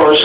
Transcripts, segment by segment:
Rosh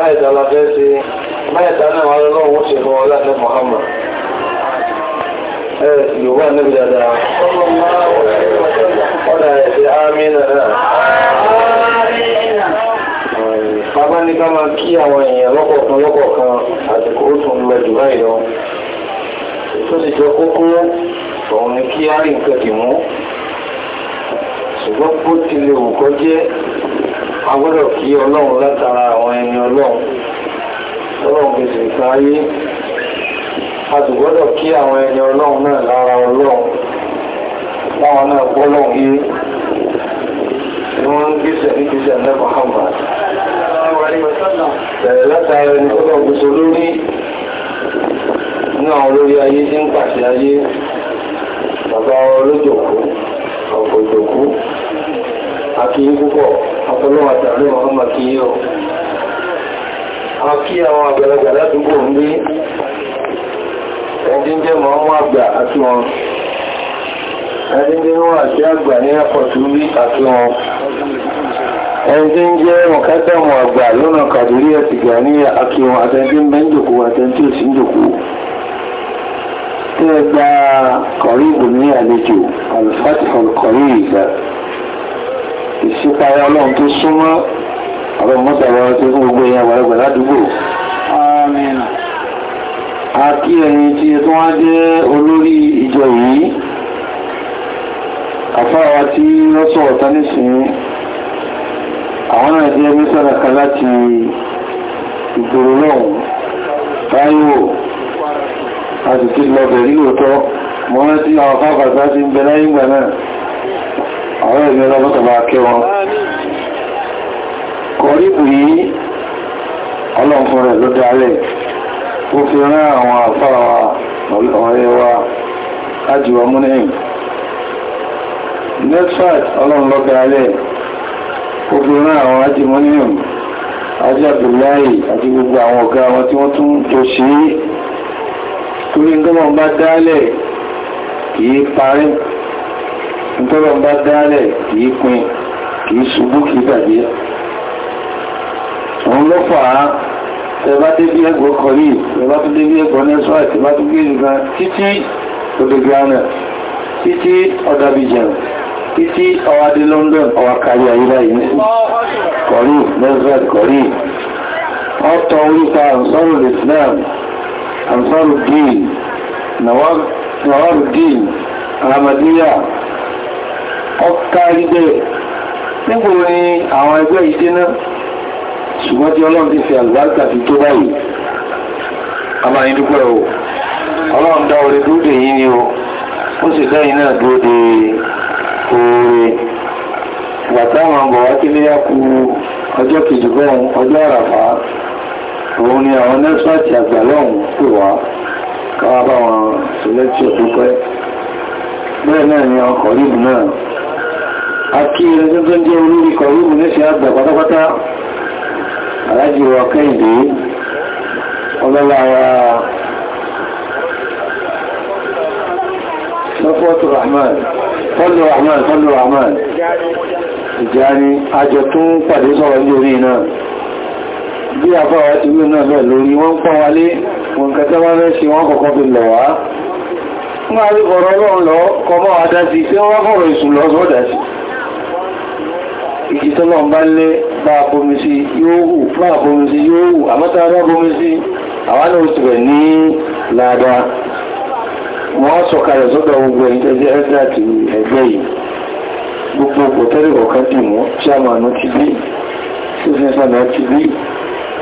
mẹ́ẹ̀ta la fẹ́ ṣe mẹ́ẹ̀ta náà wà lọ́wọ́ ó ṣe fún ọlá ní Muhammad ẹ̀ yòówà níbi dáadáa ọ̀nà ẹ̀sẹ̀ àmìnà náà bàbá ní ká máa kí àwọn èèyàn lọ́kọ̀ọ̀kan lọ́kọ̀ọ̀kan àsìkò ó tún lọ jù báyìí lọ tó sì jẹ́ kókó òun ni kí á rí nǹkan dì mú ṣùgbọ́n bó ti lè wù jẹ́ agbọ́dọ̀ kí ọlọ́run látara àwọn ẹni ọlọ́run ọlọ́run fi sì ká ayé a sì gbọ́dọ̀ kí àwọn ẹni ọlọ́run náà lára ọlọ́run láwọn náà gbọ́lọ́run yé ni wọ́n ń gbéṣẹ̀ ní gbéṣẹ̀ lẹ́kọ̀ọ́ hàmà bẹ̀rẹ̀ látara ẹni tó lọ gbèsò lórí ní púpọ̀ àtọ́lọ́wà tàbí ọmọ kí yíò a kí àwọn àgbàlagbà ládùúgbò ń rí ẹdín jẹ́ mọ́ wọ́n àgbà àti wọn ẹdín jẹ́ wọ́n àti àgbà ní ẹ̀kọ̀tù rí àti wọn ẹdín jẹ́ mọ̀kátàmù àgbà lọ́nà kàdúrí ẹ̀sì gbà ní àkíwọn àtẹ́ndín mẹ́jòkó àtẹ́ndín òsínjòkó tẹ́ẹ̀gbà kọ̀rí ìbò ní àlejò alfàtìfọ̀l kọ̀rí ìgbà ìṣípayá ọlọ́run tó súnmọ́ àwọn mọ́sàwọ́ tí fún gbogbo èèyàn wàrẹ́gbẹ̀ ládùúgbò a kí ẹ̀yin tí tó wá jẹ́ olórí ìjọ yìí àfáwà tí wọ́n sọ̀rọ̀ tán nísìn àwọn náà jẹ́ mẹ́sàrà kan láti ìgboro lọ́hùn táíwò a sì ti lọ bẹ̀rí òótọ́ mọ́ rántí àwọn fáfàtà ti ń bẹ láyé ìgbà náà àwọn ẹ̀mí ọlọ́mọ́tàbà kẹ́ wọn kọ̀ríbù yìí ọlọ́mfún rẹ̀ ló dálẹ̀ ó fi rán àwọn àfáà ọ̀rẹ́ wa ájúwà múnẹ̀yìn netfat ọlọ́run lọ́gbẹ̀ alẹ́ ó fi rán àwọn ájúmọ́nìyàn ajé àbìláì àti gbogbo àwọn ọ̀gá wọn tí wọ́n tún tó ṣe é torí ń gọ́mọ̀ bá dálẹ̀ kìí parí ìtọ́lọ̀ bá dálẹ̀ kìí pin kìí ṣubú kìí bàjẹ́ òun ló fà á ẹ̀bá dé bí ẹgbọ́ kọ̀rí ẹ̀bá tó dé bí ẹgbọ́ nẹ́sọ́ àti bá tó gbé ìgbà títí odògbàna títí ọ̀dàbìjàn títí ọwádé London ọwà kárí ayílá yìí kọ̀rí nẹ́sọ́ kọ̀rí ọ̀tọ̀ oríta àǹsọ́rù Islam àǹsọ́rù dín nàwárù dín ahamadiyya ọkárí bẹ́ẹ̀ nígbò ní àwọn ẹgbẹ́ ìdé náà ṣùgbọ́n tí ọlọ́run ti fi àlùbáríkà fi tó báyìí a máa ń dúpẹ́ o ọlọ́run dá orí dúdè yìí ni o ó sì lẹ́yìn náà dúró de oore ìgbà táwọn àgbọ̀ wá kílé yá ku ọjọ́ kejì bọ́ọ̀n ọjọ́ àràfà òun ni àwọn nẹ́sọ̀tì àgbà lọ́hùn pè wá káwá bá wọn sílẹ̀ tí ò dúpẹ́ bẹ́ẹ̀ náà ni ọkọ̀ ríbu náà àkí ẹgbẹ́ tó ń jẹ́ olórí kọ̀rùmù lẹ́sẹ̀ àgbà pátápátá alájíwọ̀ kẹ́ìdé ọlọ́lára sọ́fọ́tù rahman fọ́lù rahman fọ́lù rahman ìjá ni àjọ tó ń pàdé sọ́rọ̀ ní orí náà bí àfáwà ti wí náà bẹ́ẹ̀ lórí wọ́n pọ́ wálé wọn kẹta wọ́n rẹ̀ sí wọ́n kọ̀kọ́ fi lọ wá wọ́n àríkọ̀ọ́rọ̀ ọlọ́run lọ kọmọ́ àdásí tí wọ́n fọ́rọ̀ ìsùn lọ sọ́dásí ìkìtọ́lọ̀ bá lé bá bomi sí yóò hù fún àbomi sí yóò hù àmọ́ta bá bomi sí àwọn náà ti rẹ̀ ní láàdá wọ́n sọ̀kalẹ̀ sọ́dọ̀ gbogbo ìjẹ́jẹ́ ẹ́dàtì ẹgbẹ́ yìí gbogbo pòtẹ́lì ọ̀kan dì mọ́ chairman ti bí sísẹ́sànà ti bí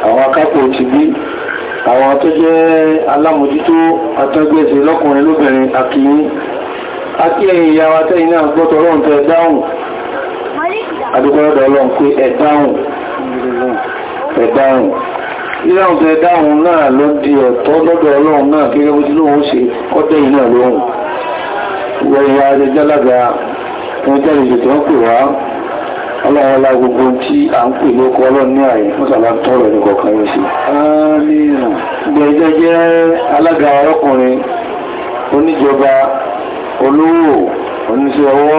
àwọn akápò ti bí àwọn tó jẹ́ alámòjútó atọ́gbẹ́sẹ̀ lọ́kùnrin lóbìnrin akíyín akíyẹ̀yìn ìyá wa tẹ́yìn náà gbọ́tọ̀ ọlọ́run tẹ́ dáhùn adúgbọ́dọ̀ ọlọ́run pé ẹ̀dáhùn ẹ̀dáhùn ìdáhùn tẹ dáhùn náà ló di ọ̀tọ̀ lọ́dọ̀ ọlọ́run náà gẹ́gẹ́ bó ti lóhun ṣe kọ́tẹ́ iná lóhun wẹ̀yà adẹ́jálága tó ń jáde jùtọ́ ń pè wá ọlọ́run ọlá gbogbo tí a ń pè lókọ ọlọ́run ní àyè mọ́sàlá tọrọ ẹni kọ̀ọ̀kan yóò sí gbẹ̀ẹ́jẹ́ jẹ́ alága ọkùnrin oníjọba olówó oníṣẹ́ ọwọ́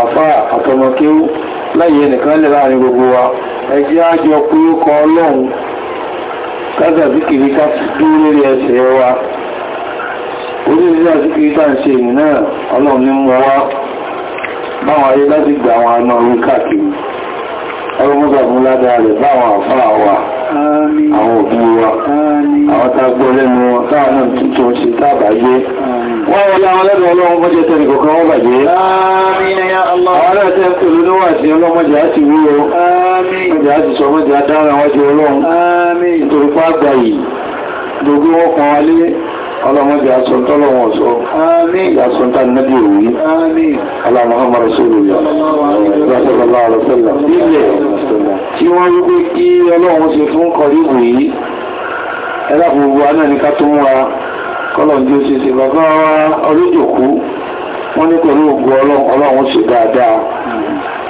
àfáà àtọmọkéwú láyé ẹnìkan lè láàrin gbogbo wa ẹjẹ́ ajọ pé ọlọ́run káza síkìrí ká dúró lórí ẹsẹ̀ wa orílẹ̀ síkìrí tá ń ṣe ìrìn náà ọlọ́run ní mú wá báwọn ayé láti gbà àwọn àna orí káàkiri ọlọ́mọ́gbàmúládà rẹ̀ báwọn àfáà àwọn òbí wa àwọn tágbọ́ lẹ́nu wọn káàmù tuntun ṣe tábàáyé wọ́n wọ́n láwọn lẹ́nu ọlọ́run mọ́jẹ́ tẹ́lì kọ̀kan wọ́n bàjẹ́ àwọn ẹ̀tẹ́ pẹ̀lú ní ọlọ́mọdé asọ́ntọ́lọ́wọ̀n sọ ìyàsọ́ntà nẹ́bí òwú aláàmọ́hàmà rasulullah sallallahu alaihi wasallam nílẹ̀ tí wọ́n wípé kí ọlọ́run ṣe fún kọ̀ríbù yìí ẹlápùpù anáníká tó múra kọlọ̀dí ó ṣe ṣe bàbá ọlójòkú wọ́n ní pẹ̀lú ògùn ọlọ́run ṣe dáadáa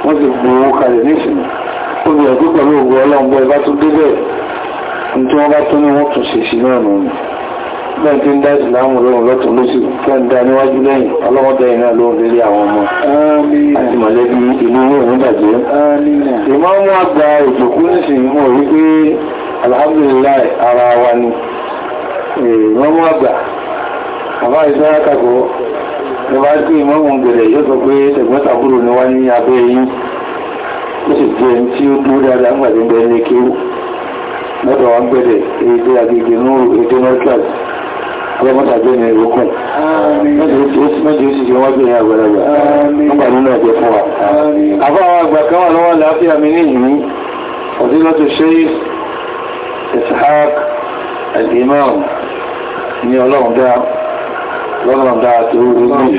wọ́n sì gbòó kalẹ̀ nísìnyí ó bẹ̀rẹ̀ pẹ̀lú ògùn ọlọ́run bọ́ ẹ bá tún débẹ̀ ní wọ́n bá tún ní wọ́n tún ṣe sí náà nù lẹ́yìn tí ń dá ìsìláàmù lóhun lọ́tún lóṣù kẹ́ǹdà níwájú lẹ́yìn ọlọ́mọdẹ́yìn náà lóhun lérí àwọn ọmọ àti mọ̀lẹ́bí ìlú òun bàjẹ́ ìmọ́mú àgbà ìjòkú nìsìn mọ̀ wípé alhamdulillah ara wa ni ìmọ́mú àgbà àbá ìsọ́yàkàkọ́ ìbá tí ìmọ́mú gbẹ̀rẹ̀ yóò sọ pé tẹ̀gbọ́tàbúrò ni wá ní abẹ́ yìí ó sì jẹ́ tí ó dúró dáadáa ń gbàdé ń bẹ́ẹ̀ ní kéwù lọ́dọ̀ wọn gbẹ̀rẹ̀ èdè agbègbè ní èdè north class ọlọ́mọta jẹ́ ní ẹ̀rọ kọ́ mẹ́jọ sì jẹ́ wájú ní àgbàlagbà nígbà nínú ẹ̀jẹ̀ fún wa àbáwọn àgbà kan wà lọ́wọ́ láàáfíà mi ní ìlú fadilatu Sheikh Ishaq al-Imam ní ọlọ́run dá lọ́rùn dáa tó rú ní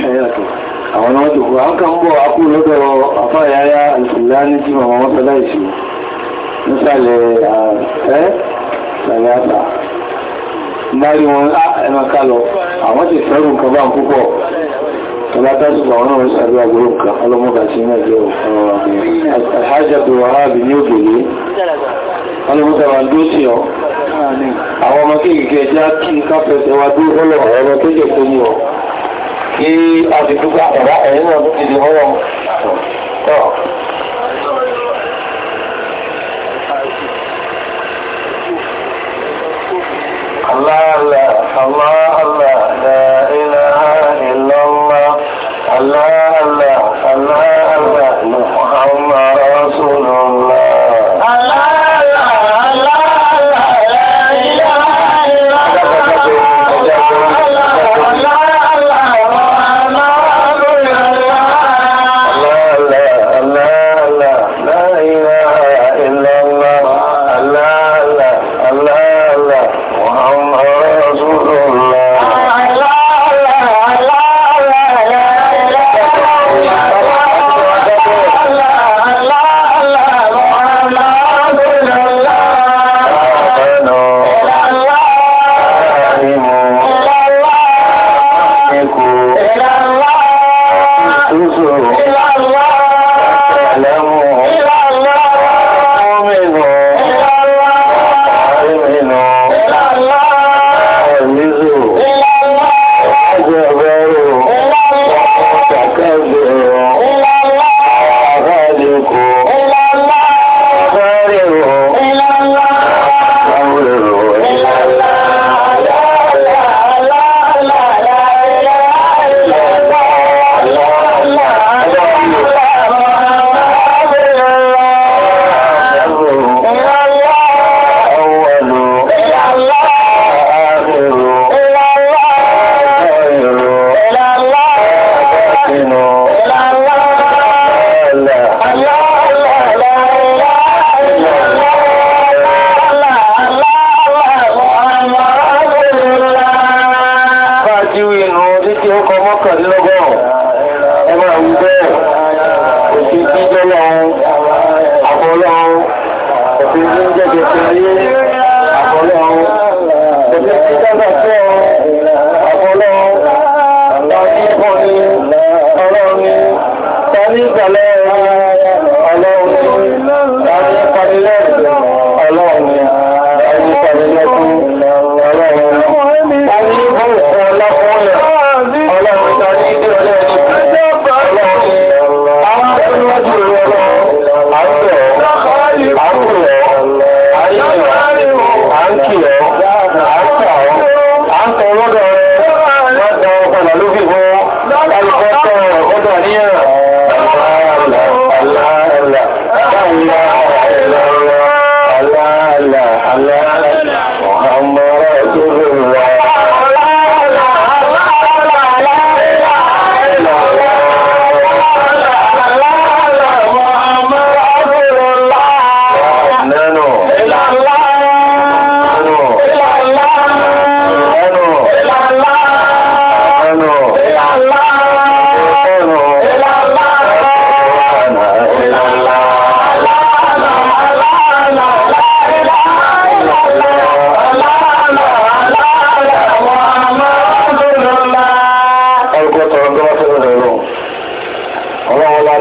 àwọn ọmọ tó kú àwọn kan bọ̀ akú lọ́dọ̀ afáyáyá ìsìláni tí màmá wọ́n sọ láìsí nísàlẹ̀ ààrẹ sàlẹ̀ àtà ẹ̀mà ká lọ àwọn ti fẹ́rù nǹkan bá ń púpọ̀ tọ́látásùgbà wọn náà sàrí àgbòrò nǹkan ọlọ́mọ́gà sí mẹ́jọ alhajjadu wahabi ní òkèlé ọlọ́mọ́gà wà dó sí ọ àwọn ọmọ kéèkéé ẹjá kí n káfẹ́sẹ̀ wá dó fọ́lọ̀ ọmọ tó jẹ́ tó ní ọ kí a fi dúkà ọ̀rá ẹ̀yìn náà tó ti di ọlọ́ Allah Allah الله الله لا إله إلا الله الله الله الله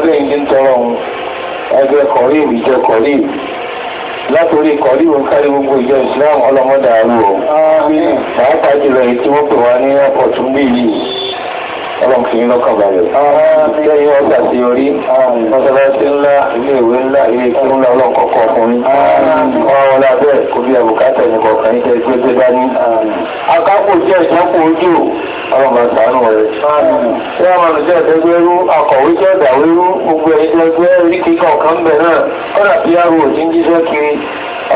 ẹgbẹ́ ìdí ń tọrọ ohun ẹgbẹ́ kọ̀rí ìjọ kọ̀rí látòrí kọ̀rí òun kárí gbogbo ìjọ ìsìláàmù ọlọ́mọdà àrú ọ̀ pàápàá jùlọ èyí tí wọ́n pè wá ní ọkọ̀ tún bí yìí ọlọ́run fi iná kàn balẹ̀. Lẹ́yìn ọgbà tí orí, mọ́sálásí ńlá, ilé ìwé ńlá, ilé ìkú ńlá ọlọ́run kọ́kọ́ ọkùnrin. Ọ̀rọ̀ lábẹ́ kò bí àbùkátà ẹni kọ̀ọ̀kan ní kẹ́ẹ̀kẹ́ gbé dání. Akápò jẹ́ ìṣàpò ojú ọlọ́run máa sàánú rẹ̀. Ṣé a jẹ́ ẹ̀dẹ́gbẹ́rú, akọ̀wé jẹ́ ẹ̀dàwérú, gbogbo ẹ̀yìn ẹgbẹ́ orí bẹ̀ náà, ọ̀rà bí arò òjíjíṣẹ́ kiri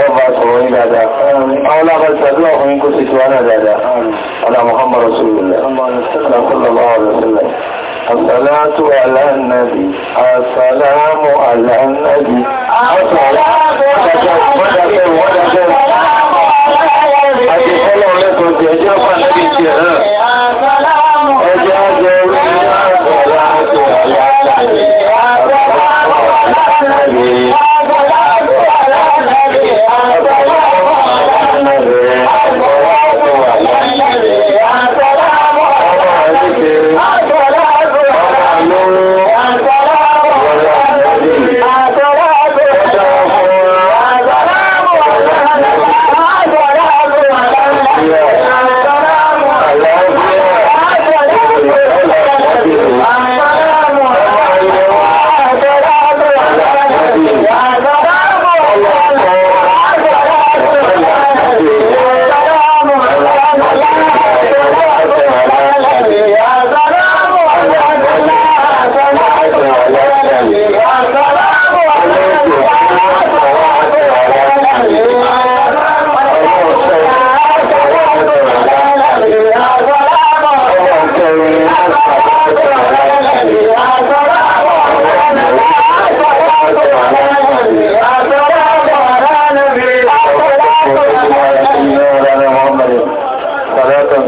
ọba sọ̀rọ̀ ní dáadáa àwọn ọlọ́bà sàdúrà fún yí kó sì tí wá náà dáadáa ọ̀nà Muhammad Rasulullah ọ̀nà kọlọ̀lọ́ ọ̀rọ̀ sílẹ̀ As-salatu ala an-nabi, as-salamu ala an-nabi, as-salatu ala an-nabi, as-salamu ala an-nabi,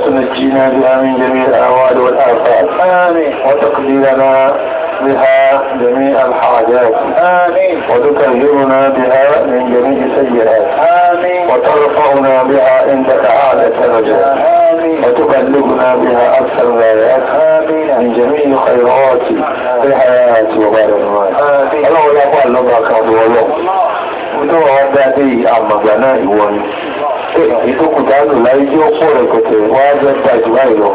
تنجينا بها من جميع الأهوال والآفات آمين وتقديرنا بها جميع الحاجات آمين بها من جميع السيئات آمين وترفعنا بها عندك أعلى درجات آمين وتبلغنا بها أكثر الغايات آمين من جميع خيرات في حياتي وبعد الموت آمين الله الله ودعوا أما بنائي ìdókùtà lò láyé tí ó pọ̀ rẹ̀kọ̀tẹ̀ wá jẹ́ tàjú báyìí lọ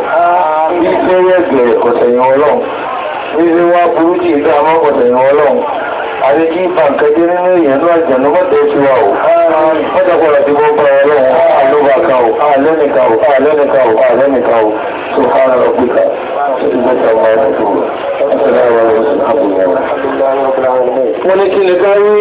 bí fẹ́rẹ̀ ẹ̀gbẹ̀ rẹ̀kọ̀tẹ̀ yẹn ọlọ́run bí ṣe wá burú jì ìdá àmọ́kọ̀tẹ̀ yẹn ọlọ́run àti kí ìfàǹkẹ́jẹ́ nínú èèyàn náà jẹ̀nú mọ́tẹ̀ sí wa ò mọ́tàkọ̀rọ̀ ti bọ́ bá ọlọ́run àlóbàkà o, àlẹ́nìkà ò àlẹ́nìkà ò àlẹ́nìkà ò tó fara ọ̀pẹ́kà tó ti mẹ́ta máa ń tó wọ́n ní kí ni ká rí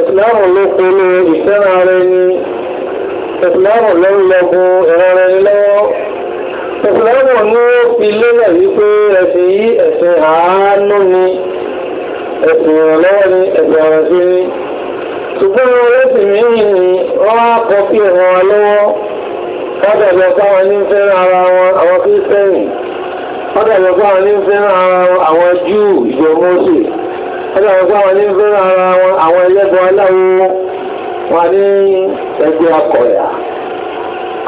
ìsìláàmù ló pẹ̀lú ìfẹ́ràn ara ẹni ìsìláàmù ló ń lọ́gbọ́ ìran ẹni lọ́wọ́ ìsìláàmù ní ó fi lélẹ̀ wípé ẹ̀sìn yí ẹ̀sìn àánú ni ẹ̀sìn ìrànlọ́wọ́ ni ẹ̀sìn àrẹ̀sí ni ṣùgbọ́n ẹlẹ́sìn mìíràn ni wọ́n á kọ sí ẹ̀rọ wa lọ́wọ́ ọdọ̀lọ́ fáwọn ní fẹ́ràn ara wọn àwọn kírísítẹ́nì ọdọ̀lọ́ fáwọn ní fẹ́ràn ọlọ́run àwọn ní fẹ́ràn ara wọn àwọn ẹlẹ́gbọ́n aláwọ̀ wọn ní ẹgbẹ́ akọ̀yà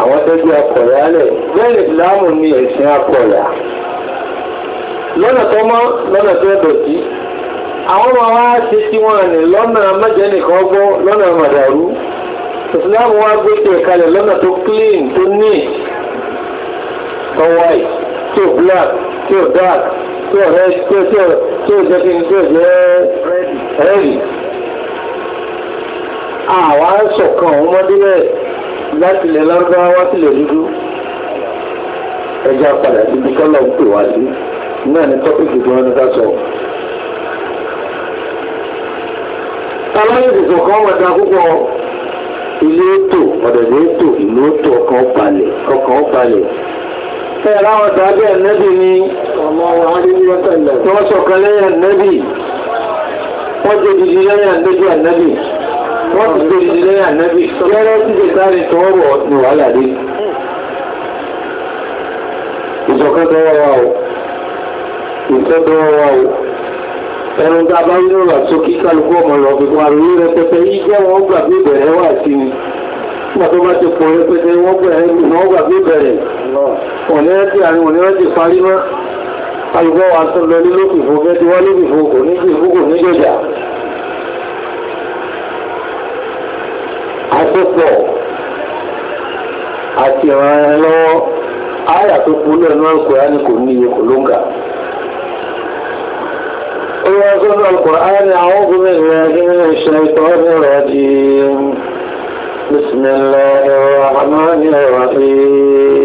àwọn tẹ́gbẹ́ akọ̀yà lẹ̀ bẹ́ẹ̀ ìsìláàmù ni ẹ̀sìn akọ̀yà lọ́nà tó mọ́ lọ́nà tó dọ̀tí àwọn ọmọ wa ṣe tí wọ́n ní lọ́nà mẹ́jẹ nìkan gbọ́ lọ́nà màdàrú ìsìláàmù wa gbé tí ẹ̀kalẹ̀ lọ́nà tó clean tó neat tó white tó black tó dark tí ó rẹ̀ tí ó tí ó tí ó jẹ́ kí n tí ó jẹ́ rẹ́rì. Àwa sọ̀kan òun mọ́dílẹ̀ láti lè lárúbáwá wá sílẹ̀ dúdú. Ẹja padà sí ibi kọ́lọ̀ ń pè wá sí. Náà ni tọ́pìkì tí wọ́n ní ká sọ. Tàlọ́yìn ìdìbò kan wọ̀ da púpọ̀ ilé ètò, ọ̀dẹ̀dẹ̀ ètò, ìlú ètò ọkàn balẹ̀, ọkàn balẹ̀ ẹ̀rá wọn tàbí ẹ̀nẹ́bì ni wọ́n sọ̀kan lẹ́yìn ẹ̀nẹ́bì wọ́n jẹ́ dìdì lẹ́yìn ẹ̀nẹ́bì ẹ̀nẹ́bì wọ́n ti jẹ́ dìdì lẹ́yìn ẹ̀nẹ́bì lẹ́rẹ́ tí jẹ́ sáré tọwọ́bọ̀ ní wàhálà dé ìṣọ̀kan tọwọ́ wa o ìṣẹ́ tọwọ́ pàtó bá ti pọ̀ rẹpẹtẹ wọ́n bẹ̀rẹ̀ ìmọ̀ ọgbà bí bẹ̀rẹ̀ ọ̀nẹ́rẹ́tì àrin ọ̀nẹ́rẹ́tì parí mọ́ alùgbọ́ wa tó lọ ní lókìfò fẹ́ ti wá lókìfò kò ní sí ìfúkò ní jọjà àtọ́pọ̀ àti ìrànrẹ lọ́wọ́ áyà tó kú lẹ́nu ọkùnrin ni kò ní iye kò ló ń kà ó yẹ kó ní ọkùnrin ni àwọn obìnrin rẹ̀ nínú ìṣẹ́ ìtọ́ ọdún rẹ̀ di بسم الله الرحمن الرحيم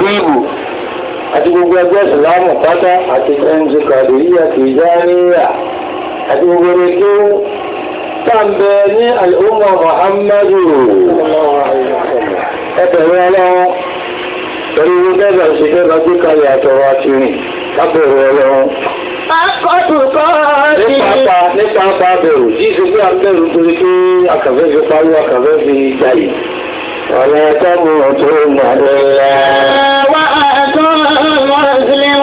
kọ̀ríbù àti gbogbo ẹgbẹ́ ìsìlámù pátá àti ẹnjì kàdìríyà tìjáníyà àti gbogbo ẹgbẹ́ tàbẹ̀ ní al'umma muhammadu ẹbẹ̀rẹ̀ ọlọ́run pẹ̀lú gẹ́gẹ́ ìṣẹ́gẹ́ lọ́gbé kalẹ̀ àtọrọ àti rìn lábẹ̀rẹ̀ ọlọ́run Nípa apá bẹ̀rù, jí àbẹ̀rù torí pé àkàfẹ́ fi parí àkàfẹ́ fi jayìí. ولا تموتن إلا وأنتم مسلمون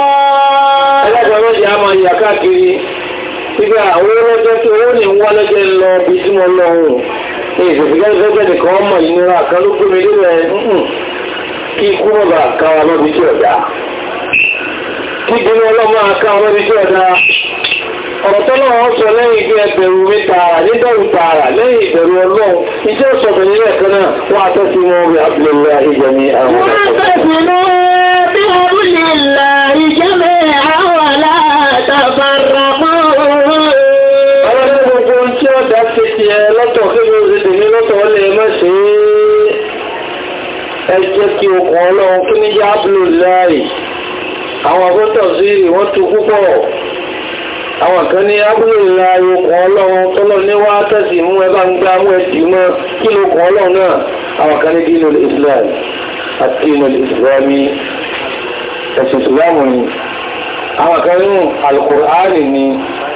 ẹlẹ́gbẹ̀rún ìyá máa yà káàkiri síbẹ̀ àwọn olóòjọ́ tí ó ní wọ́n lọ́jẹ́ lọ bí sí mọ́ lọ́hùn ní ìsìnkú lọ́jọ́ nìkan ọmọ ìnira kan ló gbé mi lé rẹ̀ kí ikú mọ̀bà káwa lọ́bí tí ọ̀dá kígbìnú ọlọ́mọ àká ọmọ ibi tí ọ̀dá ọ̀rọ̀ tọ́lọ́wọ́ sọ lẹ́yìn ìgbé ẹgbẹ̀rún mi tààrà nígbẹ̀rún tààrà lẹ́yìn ìbẹ̀rù ọlọ́run ìjẹ́ ìsọ̀tọ̀ nílẹ̀ kan náà wọ́n àtẹ́sí wọn rí abúlé ìjẹ̀mí àwọn Ẹ jẹ́ kí okùn ọlọ́run kí ní yá bùlù láàrín àwọn akọ́tọ̀ sí wọ́n tu púpọ̀ àwọn kan ní abúlé ìlà okùn ọlọ́run tọ́lọ́ ní wá tẹ̀sí mú ẹbá ń gbá mú ẹ̀dì mọ́ kí ló kùn ọlọ́run náà àwọn kan ní dínú Islam àti dínú Islami ẹ̀sìn Islamu ni àwọn kan nínú Al-Qur'ani ni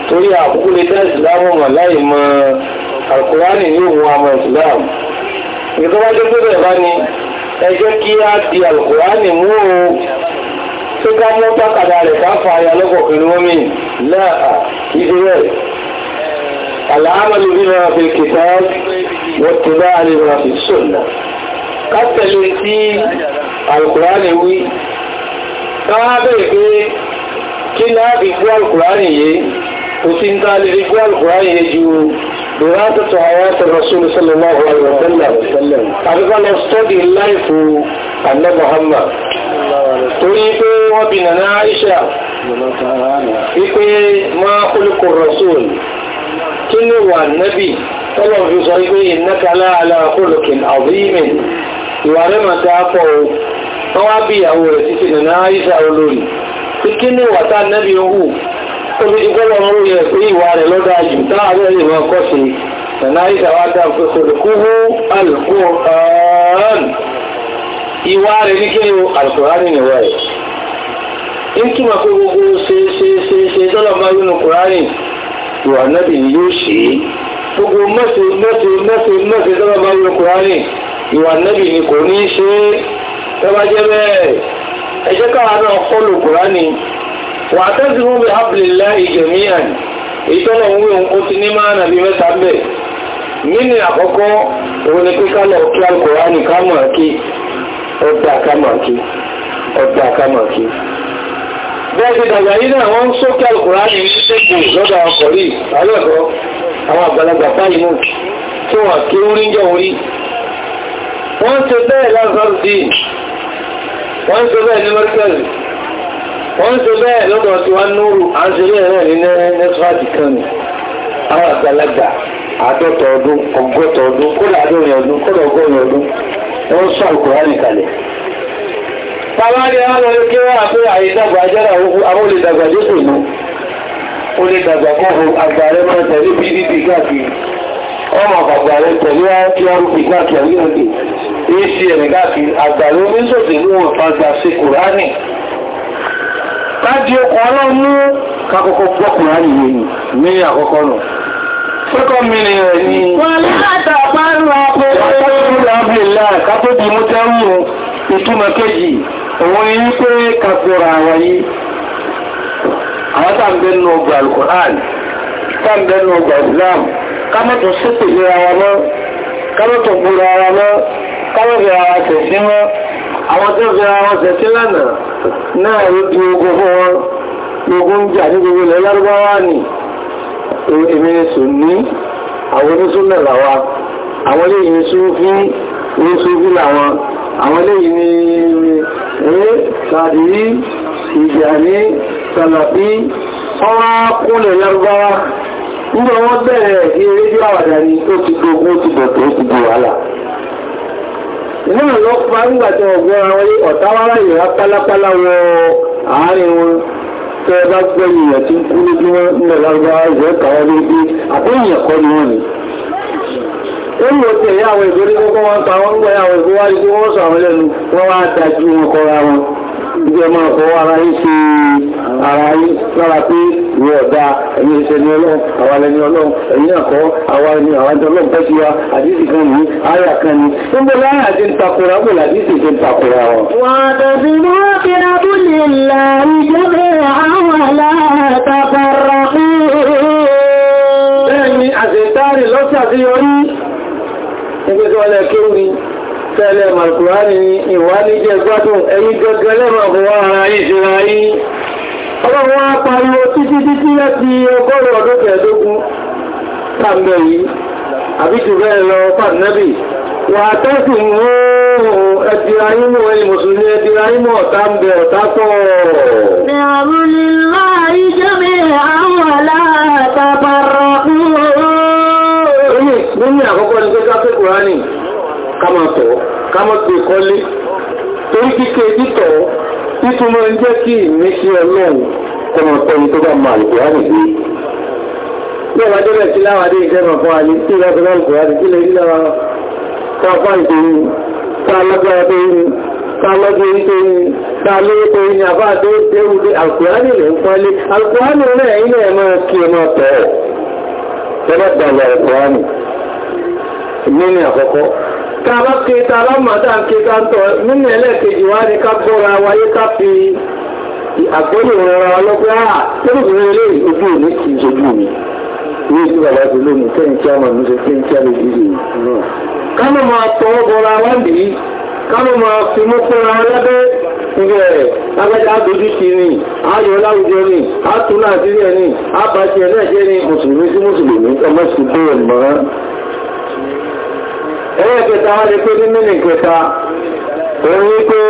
torí àkókò lè dá Islamu mọ̀ láì mọ Al-Qur'ani ní òun àmọ́ Islam ìgbọ́wájú gbọ́dọ̀ bá ní ẹjọ́ kí á di Al-Qur'ani mú o ṣé ká mú tákàdá rẹ̀ ká fa aya lọ́kọ̀ọ̀kan ni wọ́n mì náà ìdí rẹ̀ àlàámọ̀lú bí máa fi kìtà wọ́n ti bá alẹ́ máa fi sọ̀nà ká tẹ̀lé tí alukùránì wí káwá bèèrè pé kí láàbí gbọ́ alukùránì yìí kò sí ń tá lè rí gbọ́ alukùránì yìí ju Ìrátàtà àyàtà Rasulù sallallahu alaihi wa sallam. Àbíkọ́ lọ Torí pé wọ́n bí nàná Aisha wípé ma kúlùkù rasul kí ni wà nábì tọ́lọ̀ fi sọ wípé ìnákàlá alákòlùkì àwíìmìn ìwà rẹ̀ máa ta pọ̀ o wọ́n wá bí ìyàwó rẹ̀ títí nàná Aisha olórí tí kí ni ó fi gbọ́lọ̀ mú rẹ̀ ń túmọ̀ pé gbogbo ṣe ṣe ṣe ṣe tọ́lọ̀ máa yínú kùránì ìwà nábì ni yóò ṣe é gbogbo mẹ́sẹ̀ mẹ́sẹ̀ mẹ́sẹ̀ mẹ́sẹ̀ tọ́lọ̀ máa yínú kùránì ìwà nábì ni kò ní ṣe é tọ́ba jẹ́ bẹ́ẹ̀ ẹ jẹ́ káwa náà fọ́lù kùránì wà á tẹ́sí fún mi ábìlélá ìjẹ̀míyàn èyí tọ́lọ̀ ń wí òun ó ti ní máa nàbí mẹ́ta bẹ́ẹ̀ nínú àkọ́kọ́ òun ni pé ká lọ kí alukùránì ká mọ̀ kí ọ̀dà ká mọ̀ bẹ́ẹ̀ni dàgbà yìí náà wọ́n ń sókè alukùránì ní sẹ́kù lọ́dọ̀ àwọn kọ̀rí alẹ́kọ̀ọ́ àwọn àgbàlagbà báyìí mú tí wọ́n kí ó rí jọ orí wọ́n ṣe bẹ́ẹ̀ lásàrùdì wọ́n ṣe bẹ́ẹ̀ ní mẹ́tẹ́lì wọ́n ṣe bẹ́ẹ̀ lọ́dọ̀ tí wọ́n núrù à ń ṣe bẹ́ẹ̀ ní nẹ́tíwájì kan àwọn àgbàlagbà àádọ́ta ọdún ọgọ́ta ọdún kódà àádọ́rin ọdún kódà ọgọ́rin ọdún wọ́n sọ alukùránì kalẹ̀ Bàbá rí àwọn ọlọ́rẹ́ kí wọ́n àpé àìdàgbà jẹ́rà àwọn olèdàgbà jókò mú. Olèdàgbà kọ́kọ́ àgbàrẹ́ máa tẹ̀lé PDP káàkiri. Ọmọ àgbàrẹ́ tẹ̀lé RPRP káàkiri àríwọ̀dì, ACN káàkiri, àgbàrẹ́ oníṣòsì ní wọn fàgbà sí Kùránì. Káàdì ọkọ̀ ọlọ́mú kakọ́kọ́ gbọ́ Kùránì yìí ní àkọ́kọ́ nù. Fẹ́kọ́ mi ni rẹ̀ ni. Wọ́n látàpá ń rọ pé láà kátó di mú tẹ́rù ìtumọ̀ kejì òun ni wípé kàfẹ́rà àwọn yìí àwọn tàbẹ̀nù ọgbà alkùnrin tàbẹ̀nù ọgbà islam kámọ́tò sípè lera wa mọ́ kámọ́tò gbúra wa mọ́ kámọ́tò ara tẹ̀sí mọ́ àwọn tó fi ara wọn tẹ̀sí lánàá náà ló di ogun fún wọn ogun jà ní gbogbo ilẹ̀ lárúbáwá ni èmi ni sùn ní àwọn onísúnmẹ̀ làwa àwọn ilé ìyẹn fún ní ṣubú làwọn àwọn eléyìí ní ẹ́ eh, sàdìrí ìjà ní sàlàbí ọwá kúnlẹ̀ lárúbáwá nígbà wọ́n bẹ̀rẹ̀ ní rédíò àwàdà ni ó ti gbogbo ó ti bọ̀tọ̀ ó ti bọ̀ wàhálà náà lọ pa nígbàtí ọ̀gbọ́n àwọn ọ̀tá wárá ìrà pálápálá wọ àárín wọn tẹ́ bá gbẹ̀yìn ẹ̀ tí ń kú lójúmọ́ nílẹ̀ lárúbáwá ìrẹ́kàwọ́ lójú àbẹ́yìn ẹ̀kọ́ ni wọ́n ni wọ́n lò tẹ̀ yá àwọn ìgbórí kọ́kọ́ wọn pa wọ́n gbọ́ àwọn ìgbó wáyé tí wọ́n sọ àwọn lẹ́nu wọ́n wá dájú wọn kọ́ra wọn ìjọ máa kọ́ ara yìí ṣe ara yìí lára pé ìwọ ọ̀dá ẹ̀yìn ìṣẹ̀ni ọlọ́run àwọn ẹni ọlọ́run ẹ̀yìn àkọ́ àwọn ẹni àwọn ẹni ọlọ́run pẹ́sí wa àdíṣì kan ní àyà kan ní gbogbo láyà ti ń takora bò láàdíṣì ti ń takora wọn. wọ́n tẹ̀sí mọ́ kí n abúlé ìlà ìjọba àwọn aláàtàkọ̀rọ̀ nígbé tó ọlẹ́ kí ní tẹ́lẹ̀ màkùránì ní ìwà ní jẹ́ gbádùn ẹ̀yí gẹ́gẹ́ lẹ́mà fún wa ara yìí ṣe ra yìí ọlọ́run wá pariwo títí títí láti ọgọ́rùn ọdún kẹẹ̀dógún tàbí yìí àbí jù bẹ́ẹ̀ lọ fàdínẹ́bì wà tẹ́sì mú ẹ̀dìrà yímú ẹni mùsùlùmí ẹ̀dìrà yímú ọ̀tá ń bẹ ọ̀tá pọ̀ ọ̀rọ̀ kùránì káma tọ̀ káma gbé kọ́lé torí kíké títọ̀ títúmọ̀ ń jẹ́ kí ìmísí ọlọ́run kọmọ tọ́ni tó bá máa kùránì gbé ní ọba jẹ́bẹ̀ sí láwọn adé ìjẹ́mọ̀ fún àyè tí ìwọ́n fi lọ́rùn kùránì kí lè rí lọ́wọ́ tọ́fà ìdòyìn tá lọ́gbọ́ra tó yìí tá lọ́gbọ́ orí tó yìí tá lórí tó yìí àbá tó déwù dé alkùránì lè ń pọ́lé alkùránì náà ẹ̀yìn náà ẹ̀ máa kí ẹ tọ̀ ọ́ nínú àkọ́kọ́ tá a bá ké tá a bá mọ̀ tá a ké tá a ń tọ̀ nínú ẹlẹ́ẹ̀kejì wá ní ká gbọ́ra wáyé ká fi àgbọ́lé ìrora ọlọ́gbẹ́ àà ah, tẹ́lùkùnrin ilé ojú òní kì í ṣojú mi ní ìjú bàbá ti lónìí kẹ́yìn tí a mọ̀ ní ṣe kẹ́yìn tí a lè jíjì náà kánú máa tọ́ bọ́ra wá bì í kánú máa fi mú fúnra ọlọ́dẹ́ ìgbẹ́ rẹ̀ lágbẹ́jà àdójú ti ní ayọ̀ láwùjọ ní àtúnà àdílẹ̀ ní àbájẹ́ náà jẹ́ ní mùsùlùmí sí mùsùlùmí ọmọ sí bẹ́ẹ̀ mọ́ ẹlẹ́ẹ̀kẹta wọn lè pé ní mílì kẹta òun ní pé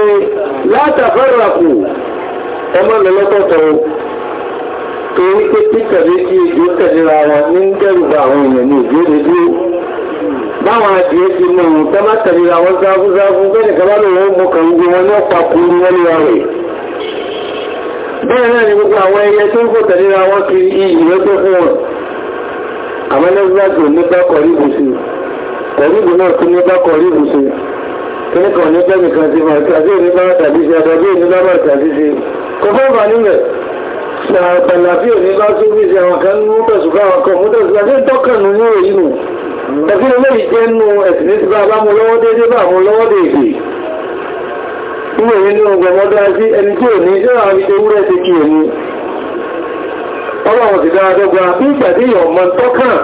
látàfẹ́ràkù ọmọ lọ́lọ́tọ̀tọ̀ torí pé títẹ̀lé kí ìjó tẹ̀léra wọn ní dẹ́rùbà àwọn èèyàn ní ìgbéde dúró báwọn adìyẹ ti mọ ohun tó má tẹ̀léra wọn záfúzáfú bẹ́ẹ̀ kaba ló wọ́n mọ kàn gbé wọn ní ọ̀pá kúrú wọn lè rẹ̀ bẹ́ẹ̀ náà ni gbogbo àwọn ẹyẹ tó ń kó tẹ̀léra wọn kiri iyì lọ́tọ̀ fún wọn àmọ́ lẹ́gbàgbọ́ nípa kọ̀rí ibùsùn kọ̀ríbù náà kí ní bá kọ̀ríbù ṣe kí ní kọ̀ ní pẹ́nìkan sí bàtà sí oníbá tàbí ṣe àdàbí oníbá bàtà sí ṣe kò fẹ́ bà nílẹ̀ ṣàpàlàfí oníbá tó bí ṣe àwọn kan mú tẹ̀sùká àwọn kan mú tẹ̀sùká sí tọ́kànnù ní òyìn nù ẹ̀fí eléyìí jẹ́ nù ẹ̀sìn ní ti bá bá mú lọ́wọ́ déédéé bá mú lọ́wọ́ déédéé ìwé nínú gbọmọdá sí ẹni tí ò ní ṣe àwọn ewúrẹ́ ti kí òní ọlọ́run ti dáadọ́gba bí ìgbà tí ìyọ̀ mọ́ tọ́kàn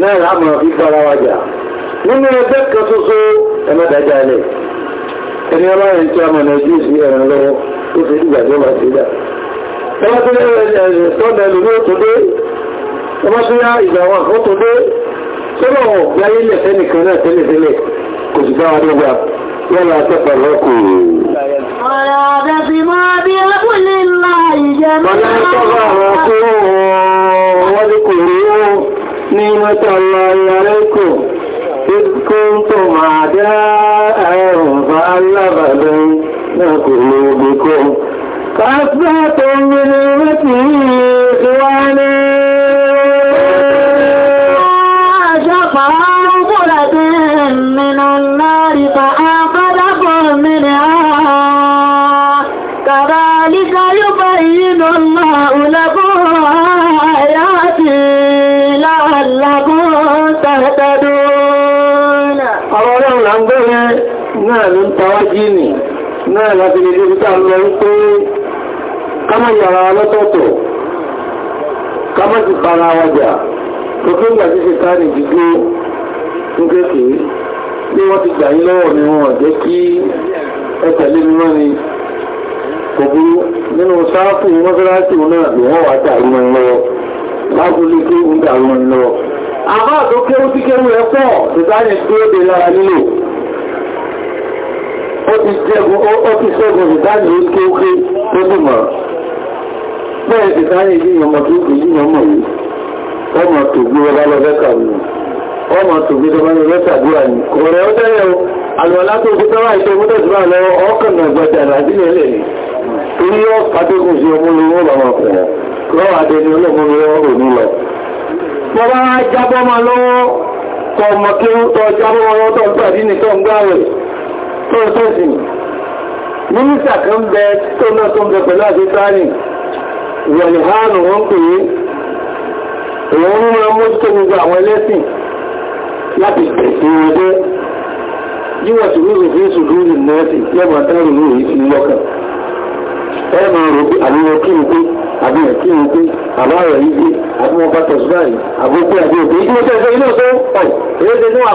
náà lámọ̀ fi fara wájà nínú ẹgbẹ́ kan ṣoṣo ẹmọ́dájá ilẹ̀ ẹni ọlọ́rin tí a mọ̀ náà jú sí ẹ̀rọ lọ́wọ́ tó fi ìgbà tó wà sílẹ̀ ẹwọ́n tó lẹ́rẹ̀ ẹ̀rẹ̀ tọ́nà ẹlùmí ó tó dé ọmọ tó yá ìgbà wọn kó tó dé sọ́nà ọ̀gbáyé lẹ̀ fẹ́ nìkan náà ọ̀rọ̀ àdàbìmọ́ bí رحمة الله عليكم إذ كنتم أعداء فألف بين قلوبكم فأصبحتم بنعمته إخوانا láti lè débi tá lọ wípé kámọ̀ yàrá lọ́tọ̀ọ̀tọ̀ kámọ̀ ti bára wájà gbogbo ìgbà tí ṣe ká nìdí gbé ń kéèkéé bí wọ́n ti gbà yí lọ́wọ́ mi wọn jẹ́ kí ẹ̀tẹ̀lé mi mọ́ ni kò burú nínú sáàpù mọ́sálásì náà lè wọ́n wá tààrí mọ́ lọ́wọ́ láàpù lè kí ń tààrí mọ́ lọ́wọ́ àmọ́ àtọ́kẹ́rù tí kẹ́rù ẹ̀ pọ̀ tẹ̀sáyẹ̀ tí ó dé lára nílò ó ti jẹ́gun ó ti ṣẹ́gun ìdáni kéóké tó sì mọ̀ bẹ́ẹ̀ ti sáyé yíyan ọmọ tó kù yíyan mọ̀ yìí ọmọ tó gbé ọba lọ́fẹ́kà ni ọmọ tó gbé ọba lọ́fẹ́kà dúrà ni kò rẹ̀ ó tẹ́lẹ̀ o àlùwàlá tó gbé tọ́wà ìṣe mú tẹ̀síwà lọ́wọ́ ọkànnà ìgbàjà nàìjíríà lè ní torí ó fàtẹ́kùn sí ọmọ olówó lọ́wọ́ fún ọ lọ́wọ́ adẹni olóòmọ olówó òní lọ. bọ́lá jábọ́ máa lọ́wọ́ tọ́ ọmọ kí ó tọ́ jábọ́ wọn lọ́tọ̀ ń pàdé nìkan tó tó sì mínísà kan bẹ tó náà tó ń bẹ pẹ̀lú àṣítáàrí ìwọ̀nì hánù wọ́n pè é èèyàn ń máa mú tó gbogbo àwọn ẹlẹ́sìn láti pèsè ọjọ́ yíwọ̀ tí wíwọ̀ fi ń sùdú ní nẹ́ẹ̀sì lẹ́gbàá tẹ́rù ní èyí fi lọ́kàn ẹ máa rò pé àbúrò kí n pé àbúrò kí n pé àbáwọ̀ yìí pé àbúrò bá tọ̀síbáyìí àbúrò pé àbúrò pé ìdí mo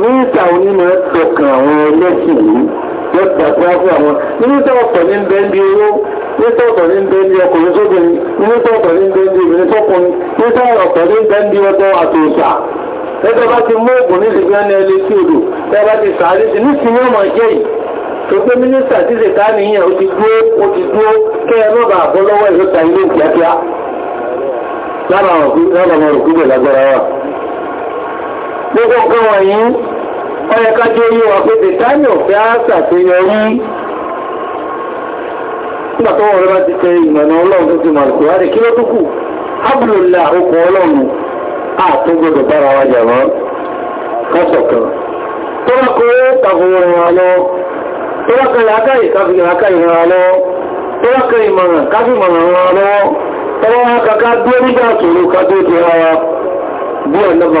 mínísítà onímọ̀ ẹ̀dọ̀kan àwọn ẹlẹ́sìn yìí yóò gbàgbọ́ fún àwọn mínísítà ọ̀tọ̀ ní bẹ́ẹ̀ bí owó mínísítà ọ̀tọ̀ ní bẹ́ẹ̀ bí ọkùnrin sóbìnrin mínísítà ọ̀tọ̀ ní bẹ́ẹ̀ bí obìnrin sọ́kùnrin mínísítà ọ̀tọ̀ ní bẹ́ẹ̀ bí ọtọ àtòsà ẹgbẹ́ bá ti mú ògùn ní ìsìnkú ẹni ẹlẹ́ sí odò ẹgbẹ́ bá ti sàárè sí ní sinmi ọmọ jẹ́ yìí tó pé mínísítà ti ṣe ká nìyẹn ó ti dúró ó ti dúró kẹ́ ẹ mọ́ba àbọ́ gbogbo kan wọ̀nyí ọyẹ kájọ yí wa pé bìtáni ọ̀fẹ́ àṣà tó yọrí nígbà tó wọ̀n rẹ̀ bá ti tẹ ìmọ̀nà ọlọ́run tó ti mọ̀ àlùkò wá rẹ̀ kí ló tó kù ábùlùlà okùn ọlọ́run àtó gbọdọ̀ bára wa jà mọ́ kásọ̀kan tó bá kó tàbùrù ìrìn àlọ́ tó bá kan làákàyè káfí làákàyè ìrìn àlọ́ tó bá kan ìmọ̀ràn káfí ìmọ̀ràn ìrìn àlọ́ tó bá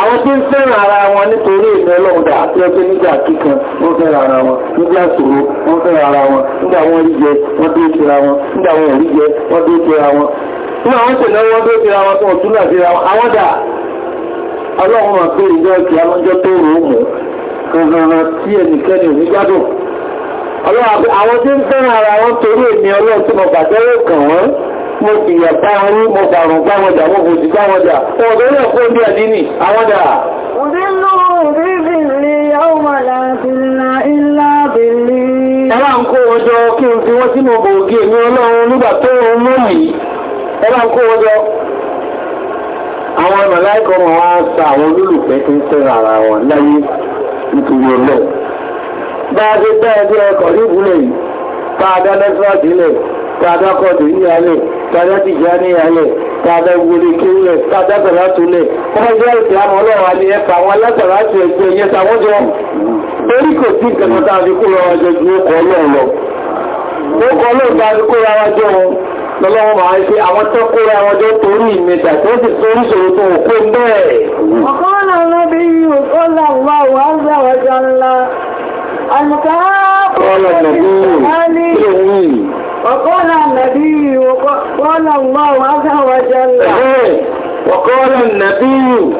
àwọn tí ń fẹ́ràn ara wọn nítorí ìmọ̀ ọlọ́ọ̀dà àti ọjọ́ nígbà kíkan wọ́n fẹ́ràn ara wọn nígbà ṣòro wọ́n fẹ́ràn ara wọn nígbà wọn rí jẹ wọ́n dé tira wọn nígbà wọn rí jẹ wọ́n dé tira wọn ní àwọn tẹ̀lé wọn dé tira wọn tó wọ́n túnlà tira wọn àwọn dà ọlọ́run máa pé ìjọ ìkì alọ́jọ́ tó rò ó mú kankan tí ẹnikẹ́ni ò ní gbádùn ọlọ́run àwọn tí ń fẹ́ràn ara wọn torí mo fìyà bá wọn ní mo bàrùn bá wọn jà mo bòsì bá wọn jà ọ̀dọ́ náà kó bí àdínì àwọn dà Ẹlá ń kó ọjọ́ kí n fi wọ́n sínú bòògì èmi ọlọ́run nígbà tó ń mú yìí. Ẹlá ń kó ọjọ́. Àwọn ọmọláìkọ́ wọn wá sa àwọn olólùfẹ́ tó ń fẹ́ ara wọn láyé nítorí ọlọ́run. Bá a ṣe bẹ́ẹ̀ bí ọkọ̀ ní ìbúlẹ̀ yìí, bá a dá lẹ́sọ́ àdílẹ̀ tàdá kọ̀dù níyàlẹ̀ tàdá tìjà níyàlẹ̀ tàdá ìwòlè kílẹ̀ tàdá tàdá tulẹ̀ ọjọ́ ìpè àmọ́ ọlọ́run alẹ́ ẹ̀fà àwọn alátàrà àti ẹgbẹ́ ẹ̀yẹ tàwọ́jọ́ torí kò sí nǹkan tá a fi kúrò wa jọ ju ọkọ̀ ọlọ́run lọ ọkọ̀ ọlọ́run tá a fi kúrò wa jọ wọn lọ́lọ́wọ́ máa ń ṣe àwọn tó kúrò wa jọ torí ìmẹ̀ta tó sì torí ṣòro tó kó bẹ́ẹ̀. ọ̀kan ọlọ́run bí ọ̀kan قال الله عز وجل وقال النبي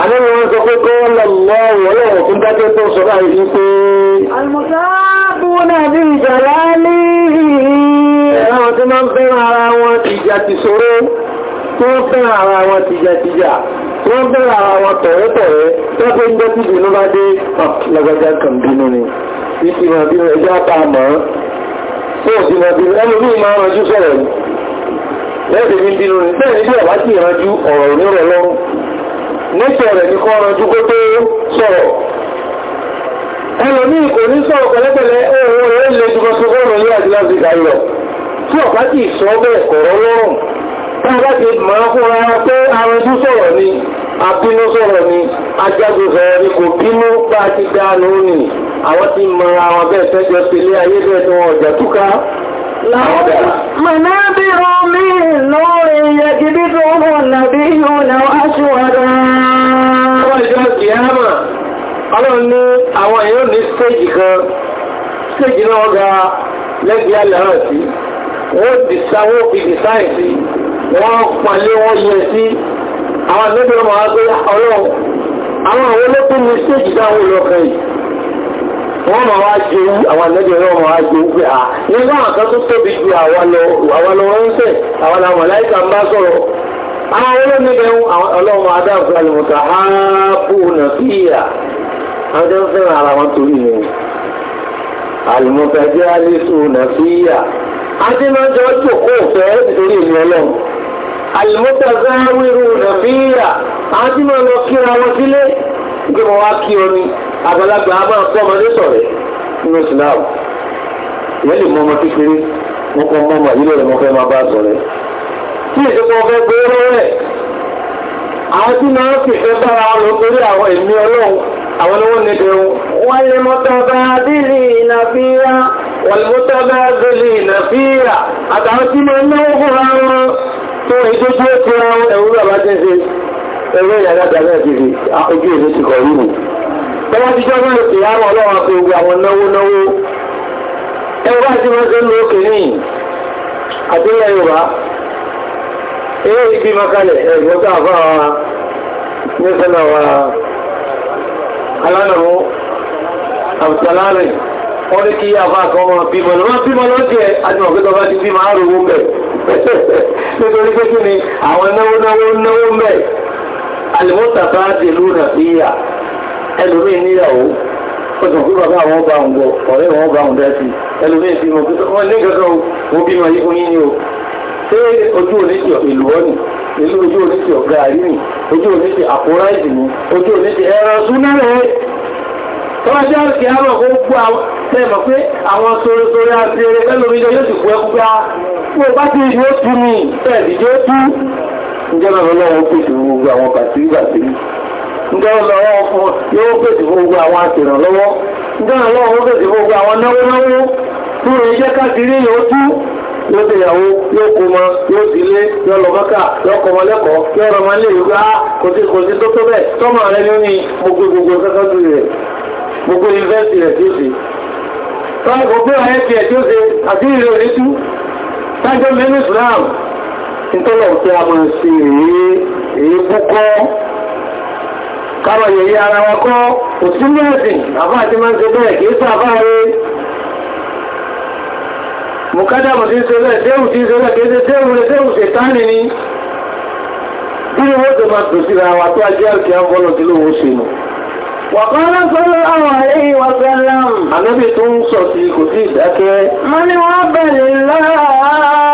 عليه وسلم قال الله ولو كنت تتوصل عليك المتابون بجلاله àwọn tí máa ń fẹ́ràn ara wọn tìjà ti ṣòro tí wọ́n fẹ́ràn ara wọn tìjà tìjà tí wọ́n fẹ́ràn ara wọn tọ̀rẹ́tọ̀rẹ́ tó pé ń jẹ́ tí ìbínú bá dé ah, lọ́gbàjá kan bínú ni ìfìmọ̀ bínú ẹjọ́ àtàmọ́ tó sì mọ̀ bínú ẹlòmíì lẹ́ẹ̀dẹ̀ ní bínú ní bẹ́ẹ̀ níbi ọ̀bá sì ìrànjú ọ̀rọ̀ onírọ̀ lọ́rùn nípa rẹ̀ ní kọ́ ranjú kó tó sọ̀rọ̀ ẹlòmíì kò ní sọ̀rọ̀ pẹ̀lẹ́pẹ̀lẹ́ ohun rẹ̀ lè ju bọ́sọ fọ́ọ̀rọ̀ ní àdúrà sí gàlọ́ tí ọ̀bá sì sọ bẹ́ẹ̀ kọ̀rọ̀ lọ́rùn tí ọ̀bá sì máa fúnra pé aranjú sọ̀rọ̀ ni abínú sọ̀rọ̀ ni ajágo sọ̀rọ̀ ni kò bínú bá ti dáa lónìí àwọn ti mọ àwọn bẹ́ẹ̀ fẹ́ jọ sílé ayé bẹ́ẹ̀ tí wọn ọ̀jà túká منابر من نور يجبدهم النبيون وأشهدا ọjọ́ kìíyàmà ọlọ́run ní àwọn èèyàn ní stéjì kan stéjì náà ga lẹ́gbẹ̀ẹ́ àlàáhàn sí wọ́n ti sáwọ́ fi dìsáì sí wọ́n pàlé wọ́n yẹ sí àwọn àgbẹ̀bẹ̀rẹ̀ máa gbé ọlọ́run àwọn àwọn olókùn ní stéjì dáwọn olókan yìí wọ́n máa wá jẹ ewu àwọn àlẹ́jọ́ náà máa wá jẹ ewu pé à ah, nínú àwọn kan tó tóbi ju àwa lọ ránṣẹ́ àwọn làwọn màláìka ń bá sọ̀rọ̀ àwọn olómìnira ọlọ́run adáàfin àlùmọ̀tà á bù nà fíyà àwọn tó ń fẹ́ràn ara wọn torí ni àlùmọ̀tà jẹ́ àlẹ́sù nà fíyà àti máa jọ jòkó òfẹ́ nítorí ìlú ọlọ́run àlùmọ̀tà záwérù nà fíyà àti máa kíra wọn sílé nígbà wọn wá kí ọ ni àgbàlagbà á máa kọ́ ọmọdé sọ̀rẹ́ nínú Islam ìyẹn lè mọ ọmọ kékeré wọn kọ́ mọ́ ọmọ yìí lọ́rẹ̀ wọn fẹ́ máa bá sọ̀rẹ́ tí ìdíkọ̀ fẹ́ gbé lọ́rẹ̀ àwọn tí máa ń fìfẹ́ bára wọn lọ torí àwọn ẹ̀mí Ọlọ́run àwọn lọ́wọ́ nìkan wọn lè mọ́tọ́ba bílì ìnàfíà wọ́n lè mọ́tọ́ba bílì ìnàfíà àtàwọn tí máa ń náwó fúnra wọn tó ìdójú ètò ẹ̀wúrọ̀ àbájẹ́sẹ̀ ẹgbẹ́ ìyàgbàgbà náà ti rí ojú èmi ti kọ̀ yìí tọ́wọ́ ti jọ́ mẹ́rin kìí àwọn ọlọ́wọ́ pé ogun àwọn náwó náwó ẹgbẹ́ àti wọ́n tó ń lo òkè ní àdúrà yorùbá eré ibi makalẹ̀ ẹ̀gbọ́n tó àfá wa ní sọ́nà wa alánàmú àbùsàlámì wọ́n ní kí àfá kan wọn bímọ lọ́wọ́ bímọ lọ́wọ́ jẹ́ àdìmọ̀ pé tọ́ba ti bímọ Alimota dèlú rẹ̀ bí yà ẹlòmí níyàwó ó tún kí bàbá àwọn ọba ń gbọ́ ọ̀rẹ́ wọn ọba ń bẹ́ sí ẹlòmí bí mo kí wọ́n lé gẹ́gẹ́ o bí mo yí fún yín ni o ṣé ojú oníṣẹ́ ìlú ọ́ nì ìlú ojú oníṣẹ́ ọ̀gá àrí nì ojú oníṣẹ́ àkóráìsì ni ojú oníṣẹ́ ẹ̀rọ súnárẹ̀ tọ́jọ́ kí á mọ̀ kó gbọ́ tẹ́mọ̀ pé àwọn sórí àti eré ẹlòmí yóò sì kú ẹkú gbá ìjọba ọlọ́wọ́ pèsè gbogbo àwọn bàtírí bàtírí ìjọba ọlọ́wọ́ fún yóò pèsè gbogbo àwọn àtìrànlọ́wọ́ ìjọba ọlọ́wọ́ pèsè gbogbo àwọn náwónáwó fún iṣẹ́ káàkiri yóò tú yóò tẹ̀yàwó yóò kó mọ yóò sílé yóò lọ mọ́kà yóò kọ́ mọ́lẹ́kọ̀ọ́ yóò rọmọ ilé yóò gbá ah, kò sí kò sí tó tó bẹ́ẹ̀ tọ́mọ rẹ ní ní gbogbo gbogbo sẹ́kọ́ndì rẹ̀ gbogbo yunifásitì rẹ̀ tí ó ṣe tọ́mọ gbogbo ayé tiẹ̀ tí ó ṣe àti ìrẹ̀ òní tú tájọ́ mẹ́nu Islam nítọ́lọ̀ tí a mọ̀ sí èyí púpọ̀ káàmà yẹ̀yẹ́ ara wọn kọ́ òsínú ẹ̀sìn àbá àti máa ń ṣe bẹ́ẹ̀ kìí sàbá rẹ̀ mùkádàmù tí ń ṣe bẹ́ẹ̀ tẹ́rù tí ń ṣe bẹ́ẹ̀ kìí tẹ́rù rẹ̀ Wàkọ́lá sọ́lọ́ àwọn àríyí wa sẹ́lẹ̀m. Àlébì tó ń sọ sí kò sí ìdákẹ́. Mọ́ ni wọ́n bẹ̀rẹ̀ láàá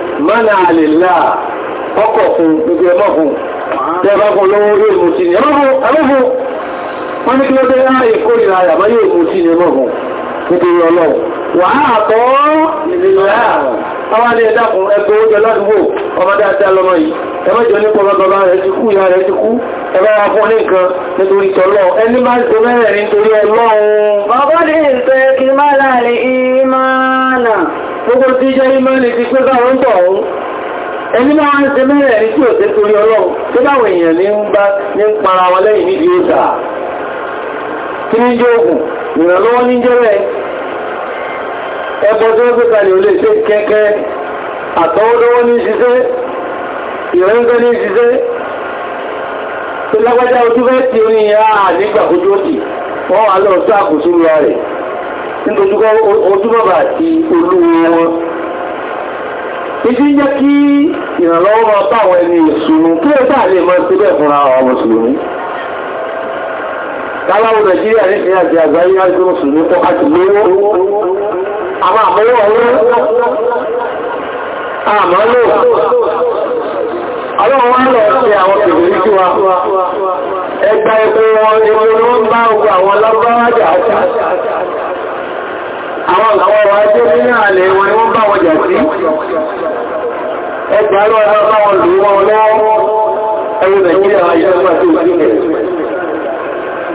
mọ́nà àlèlá ọkọ̀ fún gbogbo ẹmọ́ fún tẹ́ẹ̀bá fún lọ́wọ́ yóò mú sí ni ẹmọ́ fún wọ́n ní kí ló dé láàrin kórìíra àyàmọ́ yóò mú sí ni ẹmọ́ fún nítorí ọlọ́run wà á tọ́ àwọn ẹ̀dàkùn ẹgbẹ́ oúnjẹ ládùúgbò ọmọ dáadáa lọ́mọ yìí ẹmẹ́jọ ní pọ̀ bàbá rẹ̀ ti kú ìyá rẹ̀ ti kú ẹgbẹ́ wa fún ní nǹkan nítorí tọ́lọ́ ẹni máa ń tó mẹ́rẹ̀ ní ìfẹ́ kí máa láàrin ìmáàlà gbogbo tí jẹ́ ìmáàlì ti pé báwọn tọ̀ ẹni máa ń ní tí ò kí ní jẹ́ ògùn ìrànlọ́wọ́ ní jẹ́ rẹ̀ ẹbọ tó gbé kalẹ̀ olè ṣe kẹ́kẹ́ àtọwọ́dọ́wọ́ ní ṣiṣẹ́ ìrẹ́ńgẹ́ ní ṣiṣẹ́ tó lágbájá ojú fẹ́ tí ó ní àà nígbà kójú ó sì wọ́n wà lọ sí àkóso lọ rẹ̀ nítorí ojú àti olúwo wọn káláwọ̀ nàìjíríà ní ìyá àti àgbáyé ájọ́ mùsùlùmí tó àti lówó àmà àmọ́wọ́ ọlọ́rọ̀ àmọ́ lò ọlọ́run wá lọ sí àwọn kèbèrè sí wa ẹgbà ẹgbẹ́ wọn epo ni wọ́n bá ogun àwọn lábáwájà àti àwọn àwọn ọ̀rọ̀ ajé nínú àlẹ́ wọn ni wọ́n bá wọn jà sí ẹgbà lọ́wọ́ bá wọn lò wọ́n lọ́wọ́ ẹ̀rọ nàìjíríà ayélujára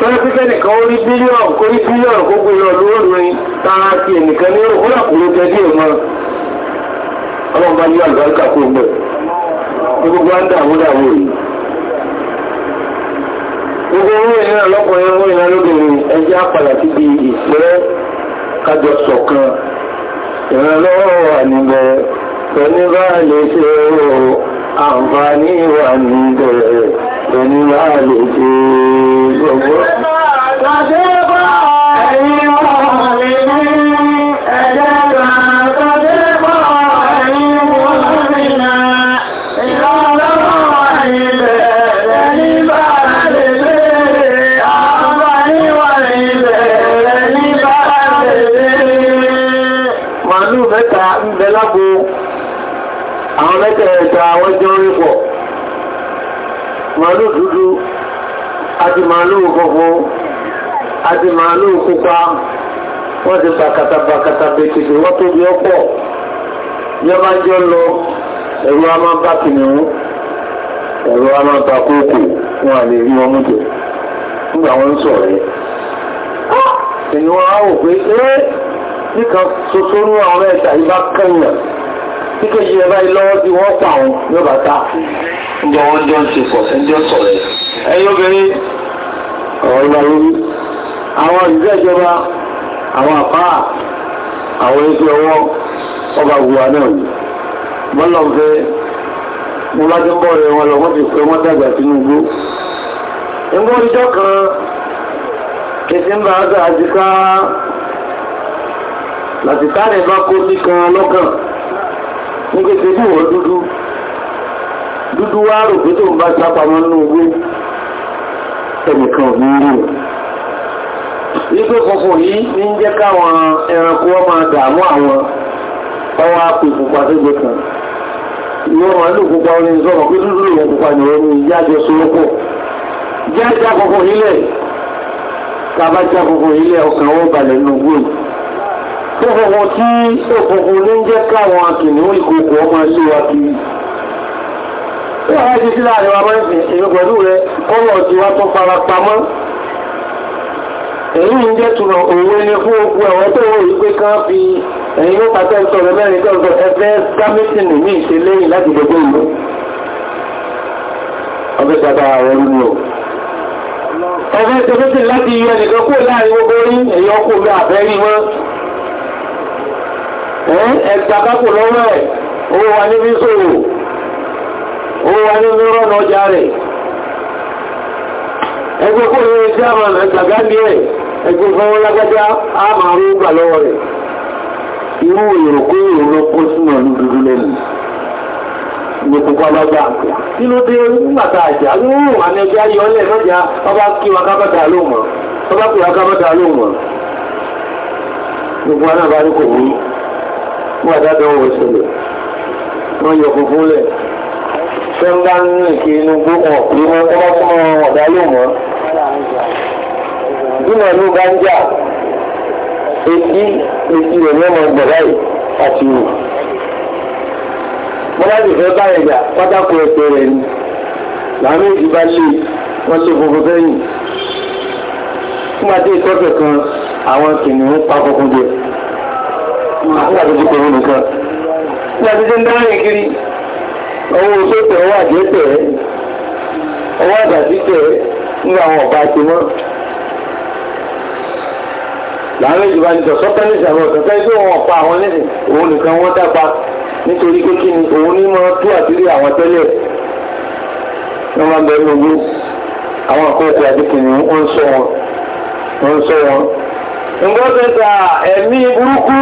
tọ́lá pípẹ́ nìkan ó rí bílíọ̀nù kó rí bílíọ̀nù kó gbé lọ lóòrùn tààrà sí ẹnìkan ní òkúrò àkúrò jẹ́ díẹ̀ mọ́ ọlọ́run bá ní àlùbáríkà kó gbẹ̀ gbogbo àndà àmúdàwò yìí gbogbo owó ìrìnà di ìfẹ́ kájọ sọ̀kan ìrànlọ́wọ́ wà níbẹ̀ pẹ̀lú bá lè ṣe owó àǹfààní wà ní bẹ̀rẹ̀ pẹ̀lú máa gbogbo màálù dúdú àti màálù funfun àti màálù pupa wọ́n ti bàkàtà bàkàtà bèkìtì wọ́n tóbi ọ̀pọ̀ yọba jọ lọ ẹ̀rù a máa bá kìnìún ẹ̀rù a máa bá kókò wọn à lè rí wọn mú jẹ nígbà wọn ń sọ̀rọ̀ yẹn ah! ènìyàn á wò pé ẹ́ nìkan ṣoṣo ní àwọn ẹ̀ta ìbá kẹ́yìn tí kò yí ẹbá ilọ́wọ́ bí wọ́n pa àwọn yóò bá ta ǹjọ́ wọ́n jọ ń ṣe pọ̀ sí ǹjọ́ sọ̀rọ̀ ẹ̀yìn obìnrin ọ̀rọ̀ ìgbà lórí àwọn ìjẹ́ ìjọba àwọn àpá àwọn ẹgbẹ́ ọwọ́ ọba wùwà náà yìí mọ́lọ̀ fẹ́ mo bá ti ń bọ̀ rẹ̀ wọn lọ wọ́n ti pẹ́ wọ́n dàgbà Tinubu ẹgbẹ́ ìjọ kan kìsí ń bá àgbà àjíká làtìká nìbá kó sí kan lọ́kàn ní kété bí wọ́n dúdú dúdú wá rò pé tóun bá sá pamọ́ nínú owó ẹnìkan ò ní rò wípé funfun yìí ní ń jẹ́ káwọn ẹranko wọ́n máa dààmú àwọn ọwọ́ àpò ìpupa tó gbé kan ìwọ́n máa lò pupa orin sọ̀rọ̀ pé dúdú lòun pupa nìyẹn ní ìyá àjọ sọ́lọ́pọ̀ jẹ́ ajá funfun yìí lẹ̀ tàbá já funfun yìí lẹ̀ ọkàn wọ́n balẹ̀ nínú gbòòrò Òkùnkùn tí òkùnkùn ló ń jẹ́ káwọn akìnìún ìkòkò ọmọ ilé wa kiri. Ó wá jẹ́ sí láàrin wa mẹ́rin èmi pẹ̀lú rẹ kọ́lọ̀ tí wá tó fara pamọ́. Èyí ń jẹ́ túnà òwe ni fún ogun ẹ̀wọ́n tó wọ́n yìí pé kán fi ẹ̀yìn ló pàtẹ́ sọ̀rọ̀ mẹ́rin tó sọ ẹgbẹ́ gámẹ́sìn ní ìṣe lẹ́yìn láti gbogbo ìlú. Ọbẹ̀ dada rẹ̀ ń lò ọ̀fẹ́ tẹ́fẹ́tì láti yọ ẹnìkan kó láàrin gbogbo rí èyí ọkùnrin àbẹ́rí wọn ẹgbà kápò lọ́wọ́ ẹ̀ owó wa níbi ṣòwò owó wa níbi rọ́nà ọjà rẹ̀ ẹgbẹ́ kó lórí tí a máa gbàgbá ní ẹ̀ ẹgbẹ́ fọwọ́ lágbájá a máa rú gbà lọ́wọ́ rẹ̀ irú èrò kó èrò lọ kó sínú ọdún dúdú lẹ́nu ní púpọ̀ lágbà kí ló dé nígbàtà àjà lóòrùn àmì ẹgbẹ́ ayọ́lẹ̀ lọ́jà ọba kí wa kábàtà lóòmọ̀ ọba kí wa kábàtà lóòmọ̀ gbogbo anábàárí kò wúrí wọ́n àdádọ́ wọ̀ ṣẹlẹ̀ wọ́n yọ funfun lẹ̀ ṣe ń bá ń rìn kí inú gbóhùn ọ̀pẹ́ wọn tó bá súnmọ́ ọ̀dá yóò mọ́ dínà ló bá ń jà etí etí rẹ̀ ní ọmọ ìgbọ̀dá yìí àti ìwò wọ́n bá sì fẹ́ báyìí jà pátákó ẹsẹ̀ rẹ̀ ni làánú èdè bá wọ́n lè funfun sẹ́yìn fún àti ìtọ́kẹ̀ kan àwọn kìnìún pa funfun jẹ nígbà tó ti pè mí nìkan nígbà tó ti ń dáhìn kiri ọwọ́ oṣù tẹ̀ ọwọ́ àjẹ́ tẹ̀ ọwọ́ àdàtí tẹ̀ nígbà àwọn ọ̀bá ti mọ́ láàrin ìjọba ní sọ̀tọ́ ní ìṣàbọ̀ sọ̀tọ́ ní pé wọ́n pa àwọn nísìn òun nìkan wọ́n dápa nítorí pé kí ni òun ní mọ́ tú àtìrí àwọn tẹ́lẹ̀ wọ́n máa bẹ̀rẹ̀ lógún àwọn àkókò àti kìnìún wọ́n ń sọ wọn ǹgọ́sẹ̀ta ẹ̀mí burúkú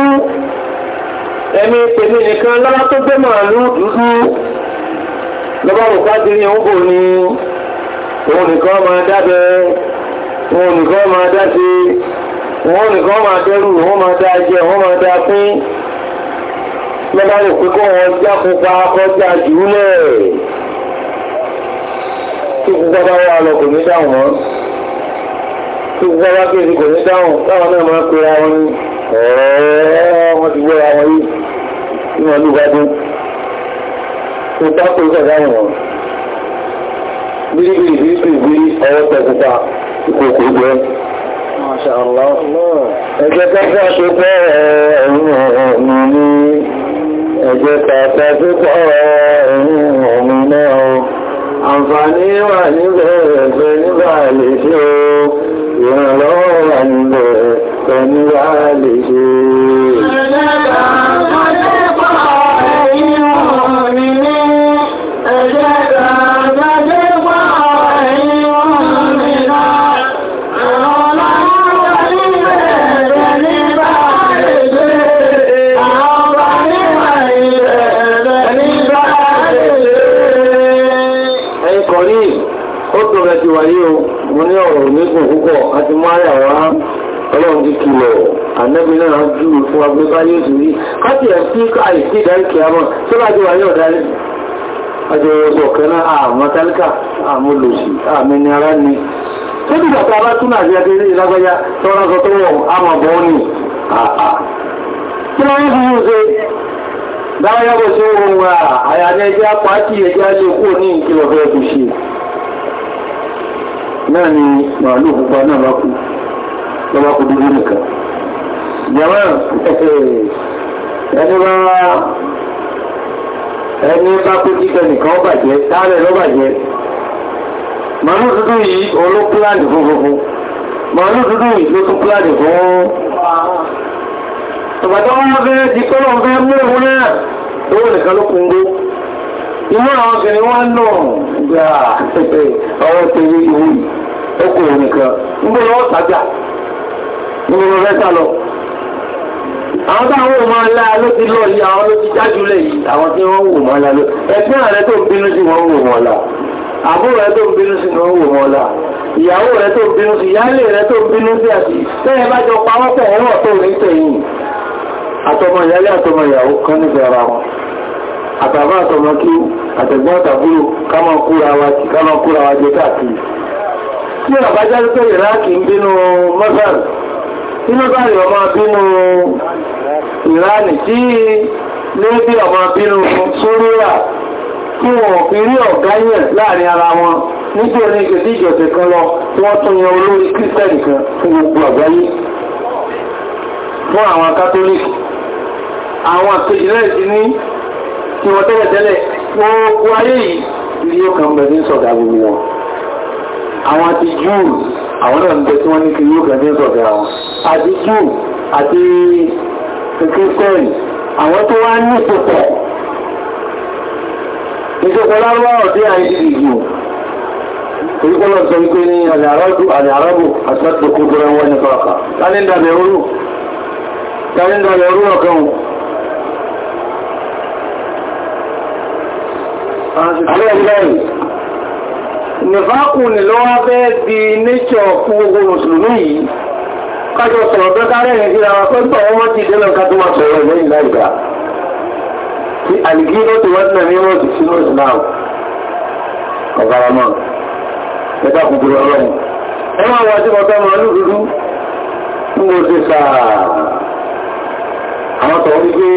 ẹ̀mí pèmí nìkan lọ́wọ́ tó gbé màálù dúdú lọ́wọ́ òpá ti rí oúnbò ní òun nìkan máa dábẹ́ òun nìkan máa dáṣe òun nìkan máa dẹ́rù òun máa dá jẹ òun máa dá pín lọ́wọ́ rẹ̀ pé kọ́ wọn já pupa kọjá jùlẹ̀ tó pupa bá wà dáhùn wọn tí gbogbo wá kéèsì kò ní dáhùn táwọn náà máa pera wọn ní ọ̀rọ̀ wọn ti gbéra wọn yìí tí wọ́n lù gbádùn tó tápò ìkàdáhùn wọn bíríbírí bíríbírí ọwọ́ tẹ̀kùpa ìkòkò ìgbẹ́ ẹjẹ́ káfẹ́ àṣepọ̀ ẹ̀yìn ọ̀hún ní ẹjẹ́ káfẹ́ àṣepọ̀ ẹ̀yìn ọ̀hún náà àǹfààní wà níbẹ̀ ẹ̀fẹ́ nígbà lè ṣe o ọlọ́rọ̀ ń lọ pẹ̀lú àlè ti ẹ̀ sí àìsí ìdáríkì àmọ́ tó bá jẹ́ wà ní ọ̀dárí ọjọ́ ọgbọ̀ kan náà àmọ́ tálíkà àmì ní ara ni tó bí bàtà bá tún àti ẹgbẹ́ ilé lágbájá tó rán sọ tó wọ̀ àmọ̀ bọ́ ní àà kí wọ́n ń fi yóò ṣe dáwọn yàgbọ́ sí ohun wa àyàní ẹjẹ́ apáàtì ẹjẹ́ alẹ́ òkú ní ìkìlọ̀ fẹ́ kù ẹni bá ẹni bá kó jíkẹ nìkan ó bàjẹ́ dáàrẹ̀ ló bàjẹ́ màálù dúdú yìí oló pílàdì fún gbogbo màálù dúdú yìí ló tún pílàdì fún ọ̀bàtà wọn fẹ́ di kọ́lọ̀ fẹ́ mú òun náà owó nìkan ló kún gbó inú àwọn obìnrin wọn nù gbà ọwọ́ tẹ̀lé ìwé yìí ó kò nìkan ń bọ̀ lọ́wọ́ àwọn táwọn wò máa ló ti lọ yìí àwọn ló ti jájú lẹ̀ yìí àwọn tí wọ́n wò máa lá ló ẹgbẹ́ rẹ tó ń bínú sí wọn wò wọn lá àbúrò rẹ tó ń bínú sí wọn wò wọn lá ìyàwó rẹ tó ń bínú sí ìyáálé rẹ tó ń bínú sí àti tẹ́yẹ bá jọ pawọ́ pọ̀ ẹ̀rọ tó rí tẹ̀yìn àtọmọ ìyáálé àtọmọ ìyàwó kan nífẹ̀ẹ́ ara wọn àtàbá àtọmọ kí àtẹ̀gbọ́n àtàbúrò ká máa kóra wa jẹ káàkiri tí àbájáde tó yẹ inú báyìí ọmọ bínú ìránì tí lébí ọmọ bínú súríà kí wọ́n fi rí ọ̀gá yẹn láàrin ara wọn nígbò ní ìgbèdí ìjọ̀sẹ̀ kan lọ tí wọ́n tún yan olórí kírísítẹ́nì kan fún gbogbo àgbáyé fún àwọn kátólíkì àwọn àpèjìlẹ̀ ti ní tí wọ́n tẹ́lẹ̀ tẹ́lẹ̀ gbogbo ayé yìí ilé yóò kàn bẹ̀ ní sọ̀dá gbogbo wọn àwọn ti júù àwọn náà ń bẹ tí wọ́n ní kí yóò kẹ́ ní sọ̀fẹ́ àwọn àti jù àti kírísítẹ́nì àwọn tó wá ní púpọ̀ ìjọba lárúbáwọ̀ tí a ń ṣe ìjù orípọ́lọ̀ sọ wípé ní àlàrábù àlàrábù àtàtò kúkúrú wọn ní pàápàá tani ń dàbẹ̀ orú tani ń dàbẹ̀ orú ọ̀kan Àwọn ìgbà yìí nìfàkù ni ló wá fẹ́ di níṣọ̀ fún gbogbo mùsùlùmí yìí kájọ sọ̀rọ̀ tó kárẹ̀ ní sí ara pé tọ̀ wọ́n ti dẹ́nà ká tó máa sọ̀rọ̀ lẹ́yìn láìgbà tí àlìkí ló ti wọ́n náà ní wọ́n ti sínú ìsìláàmù ọ̀gáramọ́ ẹ̀dá kúkúrú ọlọ́run ẹ máa wá sí ọ̀tọ́ máa lù dúdú ń mo ti sàárà àwọn tọ̀ wípé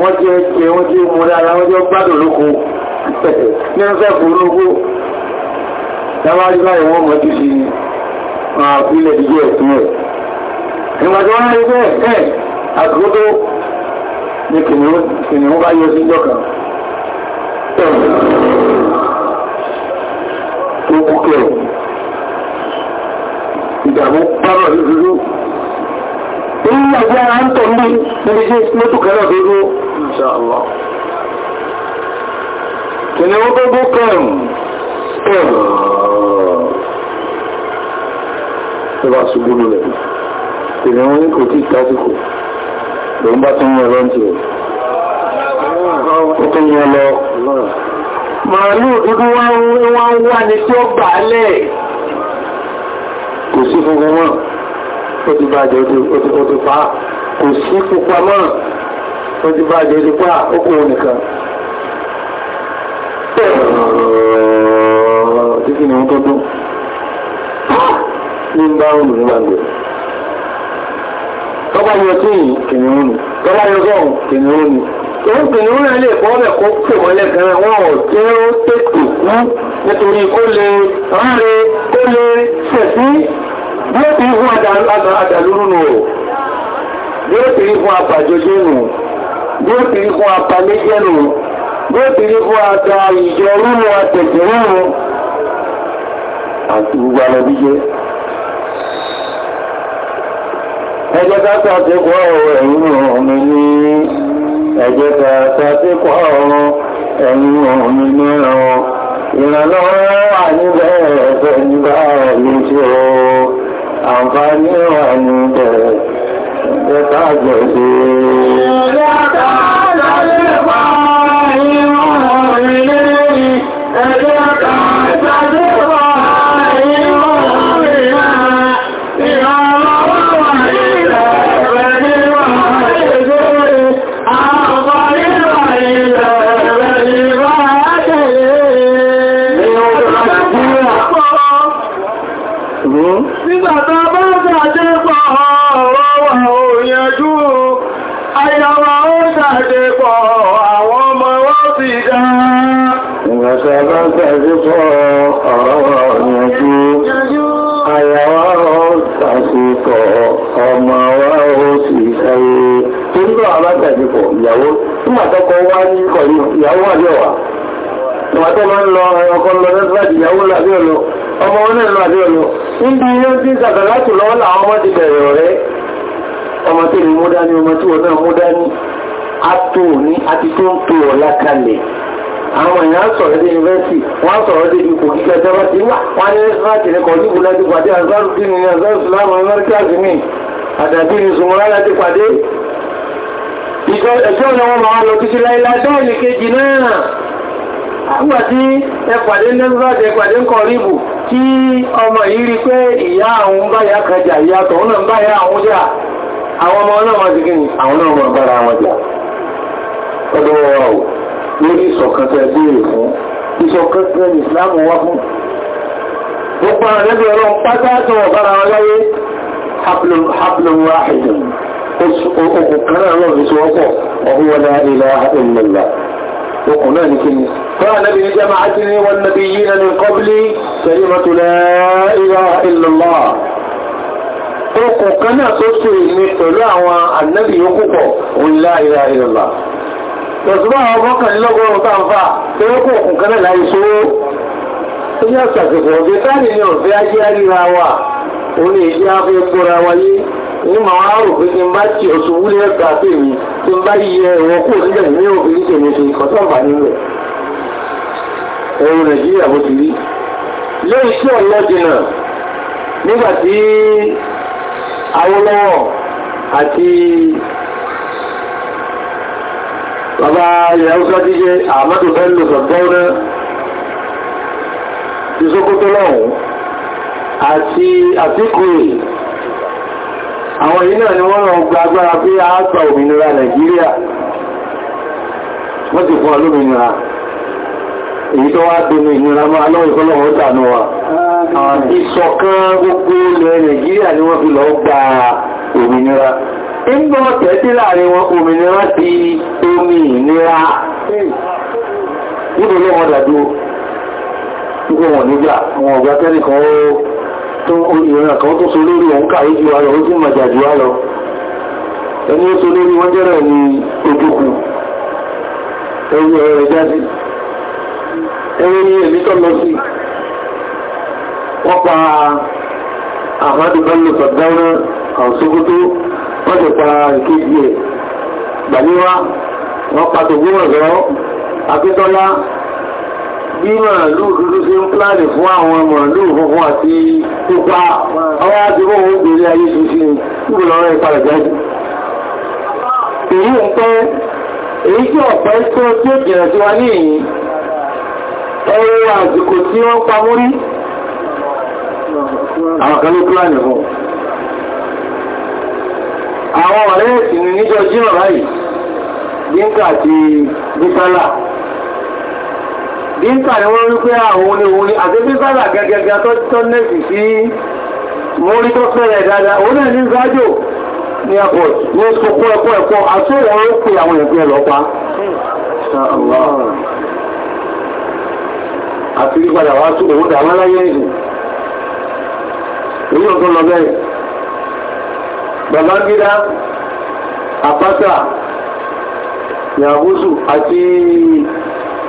wọ́n jẹ́ jẹ wọ́n jẹ́ mú tàbí báyìí wọ́n mọ̀ tí sí àpílẹ̀ ìjọ ẹ̀tún ẹ̀ ìgbàjọ́ wọ́n rí bẹ́ẹ̀ ẹ̀ àkókò ní kìnnìún bá yọ sí jọ́kà tó kúkẹ́ ìdàmú pàrọ̀ lúdúdú ìyàjẹ́ ara ń tọ̀ ní ibi tí mọ́tò kẹ́rọ̀ dúdú kìnnìún tó kúkẹ́ wà ṣubú lulẹ̀ ìrìn orí kò tí tásìkò ló ń bá tún yẹ lọ́ntì rẹ̀ ó tún yẹ lọ màálù ibi wọ́n ń wá ní tí ó gbà lẹ̀ kò sí funfun mọ́ ó ti bàjẹ́ ó ti pa kò sí pupa mọ́ ó ti bàjẹ́ ó ti pa ó kò nìkan títí ni wọ́n tó dún ní bá òun ní máa gbẹ̀ tọ́ba yọ sí yìí kìnìún ni tọ́ba yọ sọ́hùn kìnìún ni òun kìnìún náà lè fọ́ ọ̀bẹ̀ kó pè mọ́lẹ̀ gan wọn ò tí ó tètè kú nítorí kó lè ráre kó lè fẹ̀sí yóò ti fún àdàlúrú nù o yóò ti fún apàjọjẹ nù yóò ti fún apalẹ́jẹ nù yóò ti fún àdà ìjọ rúnú àtẹ̀jẹ̀ rúnú àti gbogbo alọ́bíjẹ́ ẹ jẹ́ ká sàtìkọ́ ẹ̀yin òmí ní ẹ jẹ́ ká sàtìkọ́ ọ̀run ẹ̀yin òmí ní ẹ̀rọ ìrànlọ́wọ́ wà níbẹ̀ ẹ̀fẹ́ nígbà lóṣù àǹfààní wà níbẹ̀ ẹ̀ká jẹ́ sí i. tẹ̀síkọ́ ọmọ tí èmi ọmọ tí wọn náà mú a tó ní a tó ń tó ọ̀la kalẹ̀ àwọn èèyàn sọ̀rọ̀ dé yunifásitì wọ́n sọ̀rọ̀ dé ipò gíga ìjọba ti wà wọ́n ní láti rẹ̀ kọjú ìbò láti pàdé azaru dínú ní azaru sùlámù amẹ́ríkà àzìmí àdàbí ní sùmọ́lá láti pàdé ìjọ ẹ̀jọ́ ni wọ́n máa lọ títí láìláì dáìlì kejì náà àgbà tí ẹpàdé nẹ́gbàdé ẹpàdé ń kọ ríbù tí ọmọ yìí rí pé ìyá àwọn báyà kẹjà ìyá tọ̀ náà báyà àwọn jà àwọn ọmọ lórí ìṣọ̀kan tẹ́ béèrè fún ìṣọ̀kan tẹ́ ìsìláàmù wá fún gbogbo àwọn ẹgbẹ́ ọlọ́run pátá tó wọ̀ bára wọn láyé hablum wahidun okùn kan náà lọ́rùn sí wọ́pọ̀ ọ̀hún wọn náà ilẹ̀ ìlẹ̀lá okùn náà ní kí ni fọ́nà nàbí ní jẹ́mà ájí ní wọn nàbí lọ́sùnmọ́ àwọn mọ́kànlélọ́gọ́rùn-ún tá ń fà tó kò kùn kan náà láì ṣòro tó yẹ ṣàṣẹ̀kọ̀ ọ̀gẹ́ táàlì ni ọ̀fẹ́ ajé ríra wa òun ni èyí afẹ́ gbọ́ra wáyé ní màá wá rò pé kí n bá ti oṣù wúlé ẹ̀ka pé mi tí n bá yẹ ẹ̀rọ kú níbẹ̀ ní òfin tèmi ṣe kọ́tọ́ bà nílẹ̀ ẹ̀rọ nàìjíríà bó ti rí lẹ́yìn tí ọ̀lọ́dìnà nígbà tí Awólọ́wọ̀ àti bàbá ilẹ̀ ọ̀sá jíjẹ àmọ́dù fẹ́ lò sọ̀tọ́rẹ́ ti sókótó lọ́hùn àti àtíkùrì àwọn yìí náà ni wọ́n rán gba agbára pé a gba òmìnira Nàìjíríà wọ́n ti fún olómìnira èyí tó wá dínú ìnira máa lọ́wọ́ ìfọ́lọ́wọ́ dànú wa ìṣọ̀kan gbogbo ilẹ̀ Nàìjíríà ni wọ́n fi lọ gba òmìnira Ìgbọ́n tẹ̀sí láàrin wọn òmìnira ti omi ìnira. Níbo ló wọ́n dàdú? Nígbò wọn níjà, wọn ọ̀gá tẹ́lì kan ó tó ìrìnà kan tó so lórí òun kàrí jù wá ó sì màjà jù wá Ẹni ó so lórí wọ́n jẹ́rẹ̀ ní ojúkù. Ẹni ẹ̀rẹ̀ jáde wọ́n ti pa ìkejì ẹ̀ gbàmíwá wọ́n pa tògbómọ̀ṣọ́ akíntọ́lá bí màálù dúdú sí ń pláàdì fún àwọn màálù funfun àti pupa ọwọ́ àti bóun gbèrè ayé tuntun nígbà lọ́rọ̀ ìpalẹ̀ jáde èyí ń pẹ́ èyí tí ọ̀pẹ́ tó tí ó jẹ̀rẹ̀ tí wá ní èyí ẹwọ́ àsìkò tí wọ́n pamórí àwọn kan ló pláàdì fún àwọn ọ̀rẹ́ ẹ̀sìn ní níjọ jímọ̀ báyìí bíńkà àti bísálà bíńkà ni wọ́n wípé àwọn ni òun ni àti bísálà gẹ́gẹ́gẹ́ tó tọ́ nẹ́sì sí mórí tó fẹ́rẹ̀ dáadáa òun náà ní zájò ní airport ní sọpọ̀ ẹ̀kọ́ ẹ̀kọ́ àti òun ó pe àwọn ẹ̀gbẹ́ lọ́pàá àti rí padà wá sí òun dàmọ́ láyé ìlú èyí ọ̀tún lọ bẹ́ẹ̀ babangida àpáta yàgùsù àti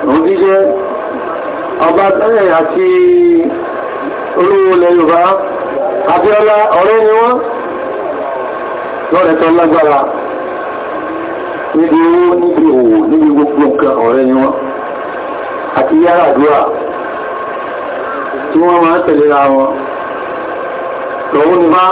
rúdíjẹ ọba tẹ́lẹ̀ àti olówó ilẹ̀ yorùbá abíọ́lá ọ̀rẹ́ ni wọ́n lọ́rẹ̀ tó lágbára níbi owó níbi òwò níbi gbogbo nǹkan ọ̀rẹ́ ni wọ́n àti yára àdúrà tí wọ́n máa tẹ̀lé ra wọn lọ́wọ́ ni máa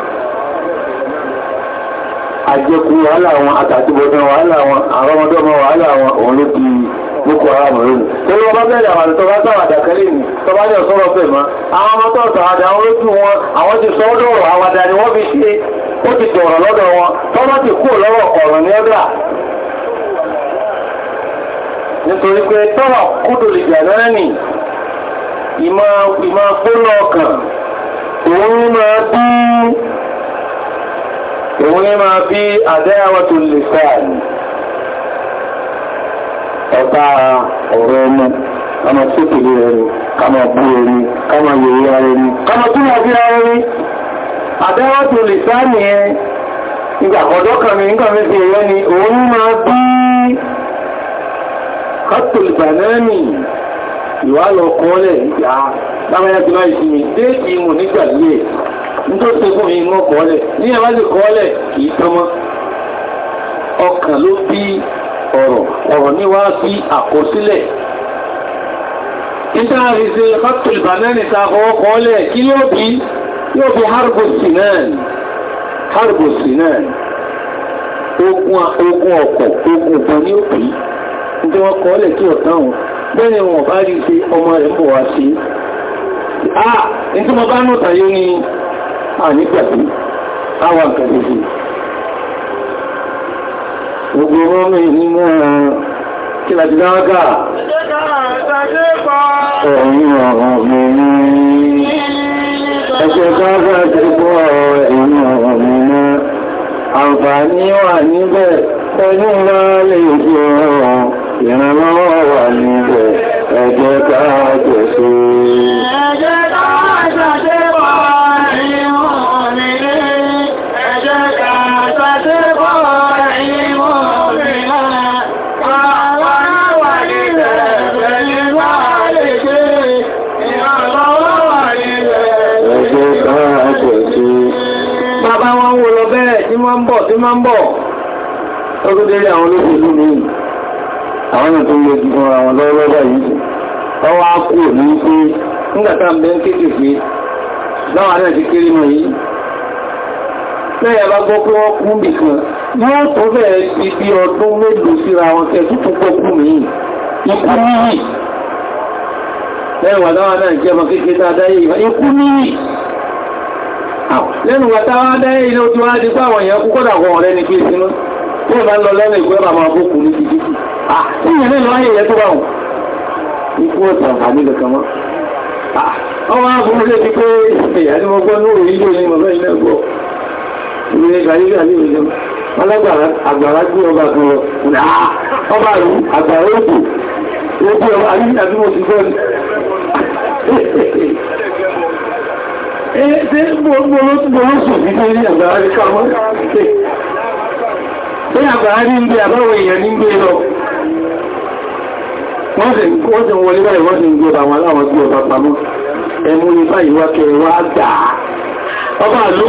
àjẹkù wàhálà wọn àtàtìbọ̀tán wàhálà wọn àwọn ọmọdọ́mọ wàhálà wọn òun ló di boko haram lónìí tẹ́lú ọba bẹ́ẹ̀ àwọn àtọ́bá sọ̀rọ̀ àdàkẹ́lẹ̀ ni tọ́bá ní ọ̀sọ́rọ̀ pẹ̀ mọ́ àwọn ọmọ tó ọ̀tọ̀ àdá wọn lójú wọn àwọn ti sọ ọ́dọ̀ ọ̀rọ̀ àwọn àdá ni wọ́n fi ṣe ó ti dọ̀rọ̀ lọ́dọ̀ wọn tọ́bá ti kú lọ́rọ̀ ọ̀rọ̀ ní ọ̀dà nítorí pé tọ́wà kúdò lè jà náà nì ìmọ̀ gbóná ọkàn òun máa bí òun ní máa bí àdáyàwọ̀tò lè sáà ní ọ̀tá ọ̀rọ̀ ọmọ kama sókèlè ẹni kama bú ẹni kama yẹ̀yẹ ara ẹni kama tó wà bí ara ẹni àdáyàwọ̀tò lè sáà ní ẹ ìgbà ọ̀dọ́ kan mi nígbà mẹ́fì ẹ̀yẹ́ ni òun máa bí kọ́tùl bànáàmì ìwà lọ kọ́ọ́lẹ̀ ìgbà láwọn ẹgbẹ̀rẹ̀ ìsinmi dé ìmù nígbà yìí nítorí tó fún mi mọ́ kọ́ọ́lẹ̀ ní ẹ̀wá lè kọ́ọ́lẹ̀ kì í tán mọ́ ọkàn ló bí ọ̀rọ̀ ọ̀rọ̀ ní wá sí àkọsílẹ̀ níta rí ṣe fátìlì bàmẹ́rin ta ọwọ́ kọ́ọ́lẹ̀ kí yóò bí yóò fi harbo sinan harbo sinan ogun ọ̀pọ̀ ogun ọ̀pọ̀ ní òpí tí wọ́n kọ́ọ́lẹ̀ kí ọ̀táhùn bẹ́ẹ̀ wọn bá rí ṣe ọmọ rẹ̀ bọ̀ sí ah ní tí bá nù tàyé ni àní pẹ̀lú àwọn kẹ̀lẹ́sì gbogbo ọmọ ìmú kí láti dáwọ́gá àǹfààní wà níbẹ̀ ẹni máa lè fi ọ̀rọ̀ ìrànlọ́wọ́ wà níbẹ̀ ẹgbẹ́ káàkẹ́ sí ẹgbẹ́ délé àwọn olóṣèlú mìí àwọn èèyàn tó ń lè jùlọ àwọn lọ́wọ́lọ́wọ́ yìí ọwọ́ akú ní pé nígbàtà bẹ́ kéèkéèké láwọn arẹ́ ti kéré mọ̀ yìí lẹ́yà bá pé wọ́n kún bì kan yóò tó bẹ̀rẹ̀ ti bí ọdún mélòó síra wọn kẹ tó tó gbọ́kú mìí ikú níyì lẹ́yìn wàdáwà náà jẹ́ ọmọ kéèkéé dáadáa yìí ikú níyì lẹ́nu wàdáwà dáyé ilé ojú wá di pàwọn èèyàn kúkọ́dà wọn ọ̀rẹ́ ni pé sinú tí ìbá lọ lẹ́nu ìgbẹ́ màmá bókù ní ti dídì tí ìyẹn náà lọ́yẹ̀ yẹ tó bá wọn ikú ọ̀tà àǹfààní kankan mọ́ ọmọ àbúrú lè ti pé ìyá ni mo gbọ́ ní òòrùn yíyó ni màmá iná gbọ́ ìrìn ìgbàlejò àlejò ìjọba alágbàrá àgbàrá gbé ọba kan lọ ọba àrùn àgbàrá òkú òkú ọba àrùn àbí mo ti gbọ́ ni ṣe gbogbo ló sùn nítorí àgbàrá ní káwọn Ní àgbàárí ń gbé àbáwọ̀ èèyàn ní gbé lọ. Wọ́n sì ń wọlé báyìí wọ́n sì ń gbé àwọn aláwọ̀ gbé ọba pamọ́. Ẹmú ní báyìí wá kẹrẹ wá gbà á. Ọba àlú,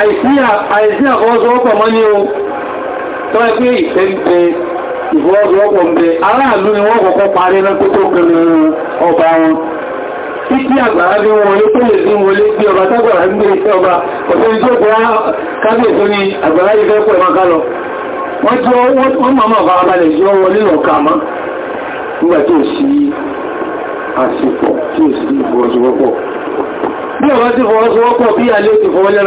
àìsí àfọwọ́sowọ́pọ̀ mọ́ ní o. Tọ́ ẹ pé ìfẹ́ ń bẹ ìfọwọ́sowọ́pọ̀ ń bẹ aráàlú ni wọ́n kọ́kọ́ parí náà tó tó kẹrẹ títí àgbàrá bí wọn lé tó lè sí wọn lé bí ọba tágbàrá ń gbé iṣẹ́ ọba ọ̀tọ́ ìjọ pé kábíyèsó ni àgbàrá yìí fẹ́ pọ̀ ẹ̀má ká lọ wọ́n jọ wọ́n máa máa fara balẹ̀ jọ wọn nílò ọ̀kà mọ́ nígbà tí ò sí àsìkò tí ò sí ìfọwọ́sowọ́pọ̀ bí ọba ti fọwọ́sowọ́pọ̀ bí alẹ́ ti fọwọ́ ní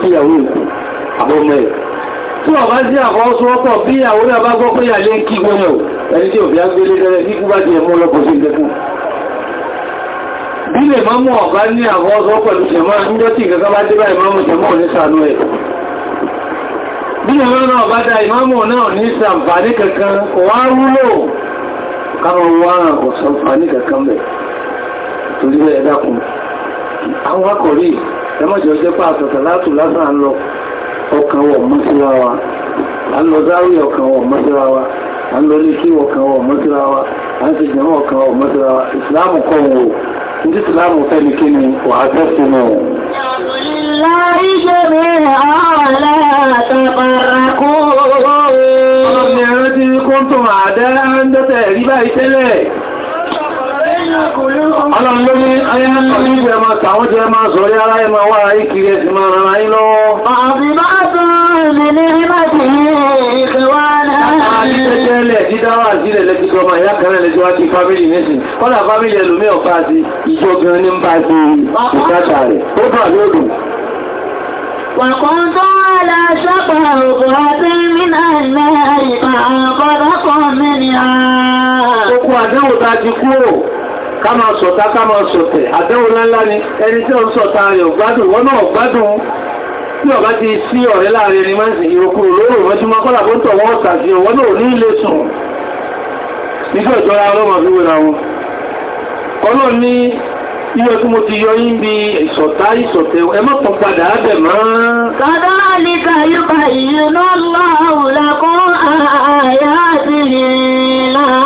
sí ìyàwó tí wọ́n bá sí àfọwọ́sowọ́pọ̀ bí àwọn náà bá gbọ́ pé àlé ń kí gbọ́nà ẹni tí òfin agbélé tẹ́lẹ̀ ní kú bá ti ẹ̀mú ọlọ́pọ̀ sí ìgbẹ́kù bí lè máa mú ọ̀bá ní àfọwọ́sowọ́pọ̀ lù jẹ̀mọ́ níjọ́ tí ìgbẹ́ká bá dé bá ìmáàmù jẹ̀mọ́ ní sànú ẹ̀ bí ìmáàmù náà ọkàn wọ̀ mọ́ síra wa a ń lọ záwí ọkàn wọ̀ mọ́ síra wa a ń lọ ní kí ọkàn wọ̀ mọ́ síra wa a ń ti jẹ̀mọ́ ọkàn wọ̀ mọ́ síra wa ìsìláàmù kọ̀ wò ní ìsìláàmù fẹ́ ni kí ni wà á fẹ́ fún mọ́ Ọlọ́run ẹ̀rọ ti kó ń ń dọ́tẹ̀ rí báyìí tẹ́lẹ̀. Ọlọ́run ló ní ayé ní ìbẹ̀ máa tàwọn jẹ máa sọ rí ara ẹmọ wà ayé kiri ẹ̀sìn máa rán ayé lọ́wọ́. Àbí máa tún mi ní láti ní ìkẹwà náà. Àti tẹ́tẹ́lẹ̀ dídáwà sílẹ̀ lẹ́ti sọmọ ìyá kan rẹ̀ lẹ́jọ́ ti fámílì nẹ́sìn. Kọ́lá fámílì ẹlòmí ọ̀pá àti ìjọ gan ní ń bá ti ìdájà rẹ̀. Ó bà ní òdùn. وكنت على شفا حفرة من النار فأنقذكم منها. Ó kú àdéhùn ta ti kúrò ká máa sọ̀tá ká máa sọ̀tẹ̀ àdẹ́wò ńláńlá ni ẹni tí ó ń sọ̀tá rẹ̀ ògbádùn wọ́n náà gbádùn tí ọ̀gá ti sí ọ̀rẹ́ láàrin ẹni máa ń sìn ìrókù lóòrò mọ́júmọ́ wọ́n fi wèrà wọn ọlọ́ ní ilé tí mo ti yọ yín bí ìsọ̀tá ìsọ̀tẹ̀ ẹ má pọ̀ padà ábẹ̀ mọ́. kọ́dá níka yípa ìyẹnà láàrùn lákọ́ àyà àti ìlànà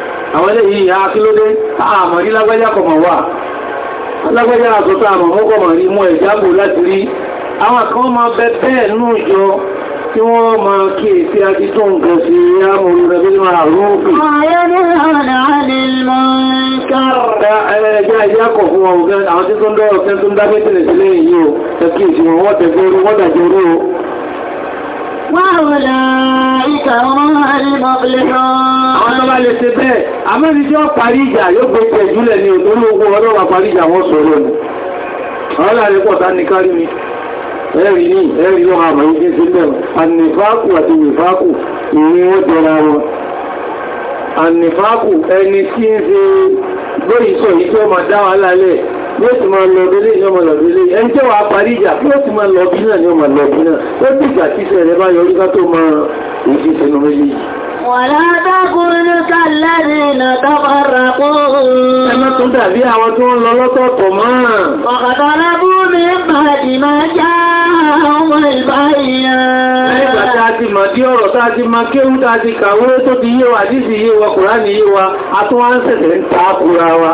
àwọn eléyìí ya kí ló dé àmọ̀rí lágbájá kọmọ̀ wà lágbájá àtọ́ta àmọ̀mọ́kọmọ̀ rí mọ́ ìjábò láti rí àwọn kan máa bẹ bẹ́ẹ̀ nú ìjọ tí wọ́n máa kí èsì àti tó nǹkan sí àmọ̀rí rẹ̀ bí máa rúbì ìyákọ̀ fún wọn ògẹ́ àwọn tí tó ń dọ́rọ̀ tẹ́ tó ń dábé tẹ̀lẹ̀ sílẹ̀ yìí o tẹ́kì ìṣìwọ̀n wọ́n tẹ̀gbẹ́rú wọ́n dàjẹ́rú o. wáhùn náà Àwọn ọmọ lè ṣe bẹ́ẹ̀, àmẹ́rin tí ó parí ìjà yóò gbé ìjẹ̀júlẹ̀ ní òtórí ogun ọlọ́wà parí ìjà wọ́n sọ̀rọ̀ ni. Àwọn láàrin pọ̀ tán ní kárí ni, ẹ̀rì ní ẹ̀rì yóò àmà ìgbé sílẹ̀, ànìfáàkù àti ìfáàkù, yóò ti máa lọ bílé yóò máa lọ bílé ẹni tẹ́ wàá parí ìjà yóò ti máa lọ bí náà yóò máa lọ bí náà ó bí ìgbà tí ìṣẹ́ rẹ bá yọrí ká tó máa ìdí ìṣẹ́nu méjì. Wàlá tákùnrin kàlẹ́rì nà tábàrà kún. Ẹ má tún dàbí àwọn tó ń lọ lọ́tọ̀ọ̀tọ̀ máa. Ọ̀kàtàlá bú mi bàjì máa já àwọn ìbáyà. Nígbà ọ̀rọ̀ tá ti mọ̀ kéwú tá ti kàwé tó ti yé wa, àdísì yé wa, Kùránì yé wa, a tún wá ń ṣẹ̀ṣẹ̀ ń ta àkúra wa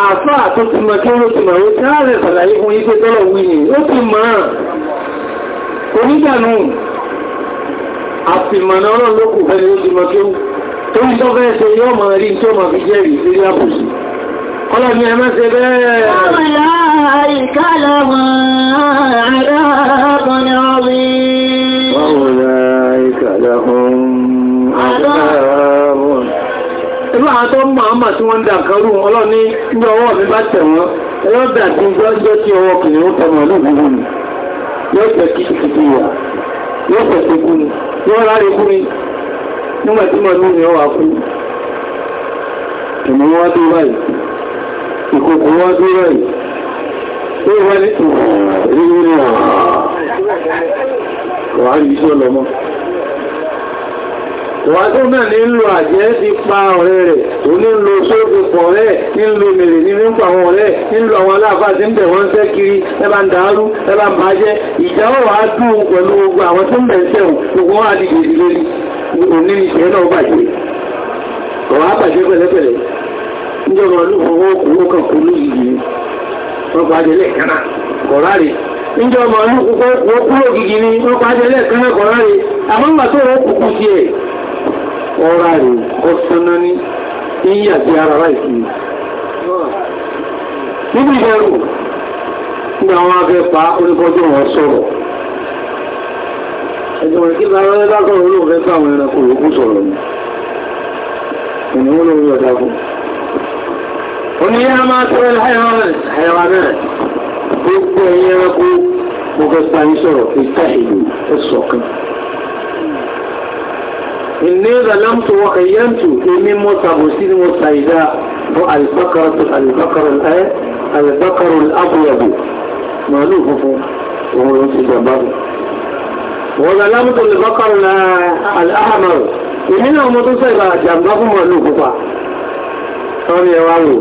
àfá àtó ti mọ̀ kí ó ti mọ̀ ó táàrẹ̀ sàlàyé fún yí tọ́lọ̀ wí ni ó ti mọ̀ onígbànú àfìmọ̀nà ọlọ́ lókù fẹ́lẹ̀ ó ti mọ̀ kí ó tó ń tọ́ fẹ́ ṣe yọ́ mọ̀ rí tó mọ̀ fi jẹ́rì lórí àwọn atọ́ mọ̀ọ́mà tí wọ́n ń dà kọrù ọlọ́run ní ilé ọwọ́ mi bá tẹ̀ wọ́n ẹlọ́dà tí gbọ́jọ́ tí ọwọ́ kìnnìún tọmọ̀ ní ìlú ni yóò tẹ̀ kí kìkìkì wà yóò tẹ̀ sí kú ni yóò ráre kú ni nígbà tí mo ní ìwà kú ìmọ̀ wá tó báyìí ìkòkò wá tó báyìí wàdó náà ní ń lo àjẹ́ ti pa ọ̀rẹ́ rẹ̀ ò ní ń lo sóògùn pọ̀ rẹ̀ ní ń lo mèrè ní ń pa àwọn ọ̀rẹ́ ní ń lo àwọn aláàfáà tí ń bẹ̀ wọ́n tẹ́ kiri ẹbá ń dàárú ẹbá ń bàjẹ́ ìjáwọ̀ wá dùn pẹ̀lú gbogbo àwọn tí ń bẹ̀ sẹ́wọ̀n gbogbo wọn àdìgbè ìlérí òní ìṣẹ́ náà bàjẹ́ ọ̀rọ̀ àbàjẹ́ pẹ̀lẹ́pẹ̀lẹ́ níjọba olúfọwọ́ òkúrò kan kú ní ìgbì wọ́n pàdé lẹ́ẹ̀kanáà kọ̀ráre níjọba olúfọwọ́ òkúrò gidi ni wọ́n pàdé lẹ́ẹ̀kanáà kọ̀ráre àmọ́ ọ̀rá rẹ̀ ọ̀sánná ní yíyà sí ara láìsí níbi ìbẹ̀rù ní àwọn afẹ́fà oníkọjọ́ wọn sọ̀rọ̀ ẹjọ́ rẹ̀ kí lára rẹ̀ lákọ̀ọ́ olóòfẹ́ sáwọn ẹranko yòókù sọ̀rọ̀ ni ènìyàn olóòrùn ọ̀dá fún oníyàn máa tọrọ ẹ̀hẹ́wàmẹ́rẹ̀ gbogbo ẹ̀yẹn ẹranko mọ́kẹ́sà ń sọ̀rọ̀ ìtàhìlú ẹ̀sọ̀kan inni zalamtu wa qayyantu èmi mo sàbòsí ni mo sàìdá fún albakaru al'abuyabu màálù funfun òun ló ti jàmbá bù wọ́n zalamtu albakaru al'ahamaru èmi náà mo tó sàìdá jàmbá fún màálù pupa sọ́rí ẹwà rò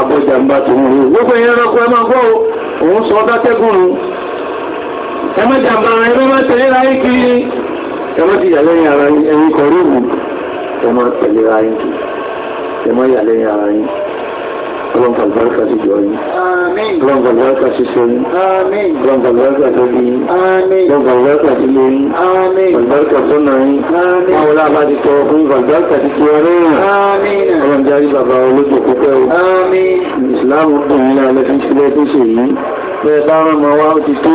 àbọ̀jàmbá tó mú gbogbo ìyẹn rọ́kọ́ ẹ máa gbọ́ òun sọ dákẹ́gùn ẹmẹ́jàmbá ẹmẹ́ tẹ̀lé láyé kiri ẹmọ́ ti yàlẹ́yìn ara yín ẹ̀yin kọrí ìlú ẹmọ́ tẹ̀lé ara yín kì ẹmọ́ yàlẹ́yìn ara yín ọlọ́nkà àlùbáríkà sí jọ yín ọlọ́nkà àlùbáríkà sí sọ yín ọlọ́nkà àlùbáríkà tó bí yín ọlọ́nkà àlùbáríkà sí lé yín àlùbáríkà tó nà yín báwo láà bá ti tọrọ fún àlùbáríkà sí tiwa lẹ́yìn ọlọ́njárí bàbá olóògbé púpẹ́ o ìsìláàmù dùn ní alẹ́ fi sílẹ̀ tó ṣe yìí bẹ́ẹ̀ bá rán mọ́ wá ó ti tó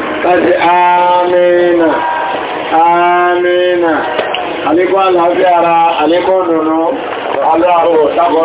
káṣí àmìnà àmìnà àlékún àlàáfíà ara àlékún dùnú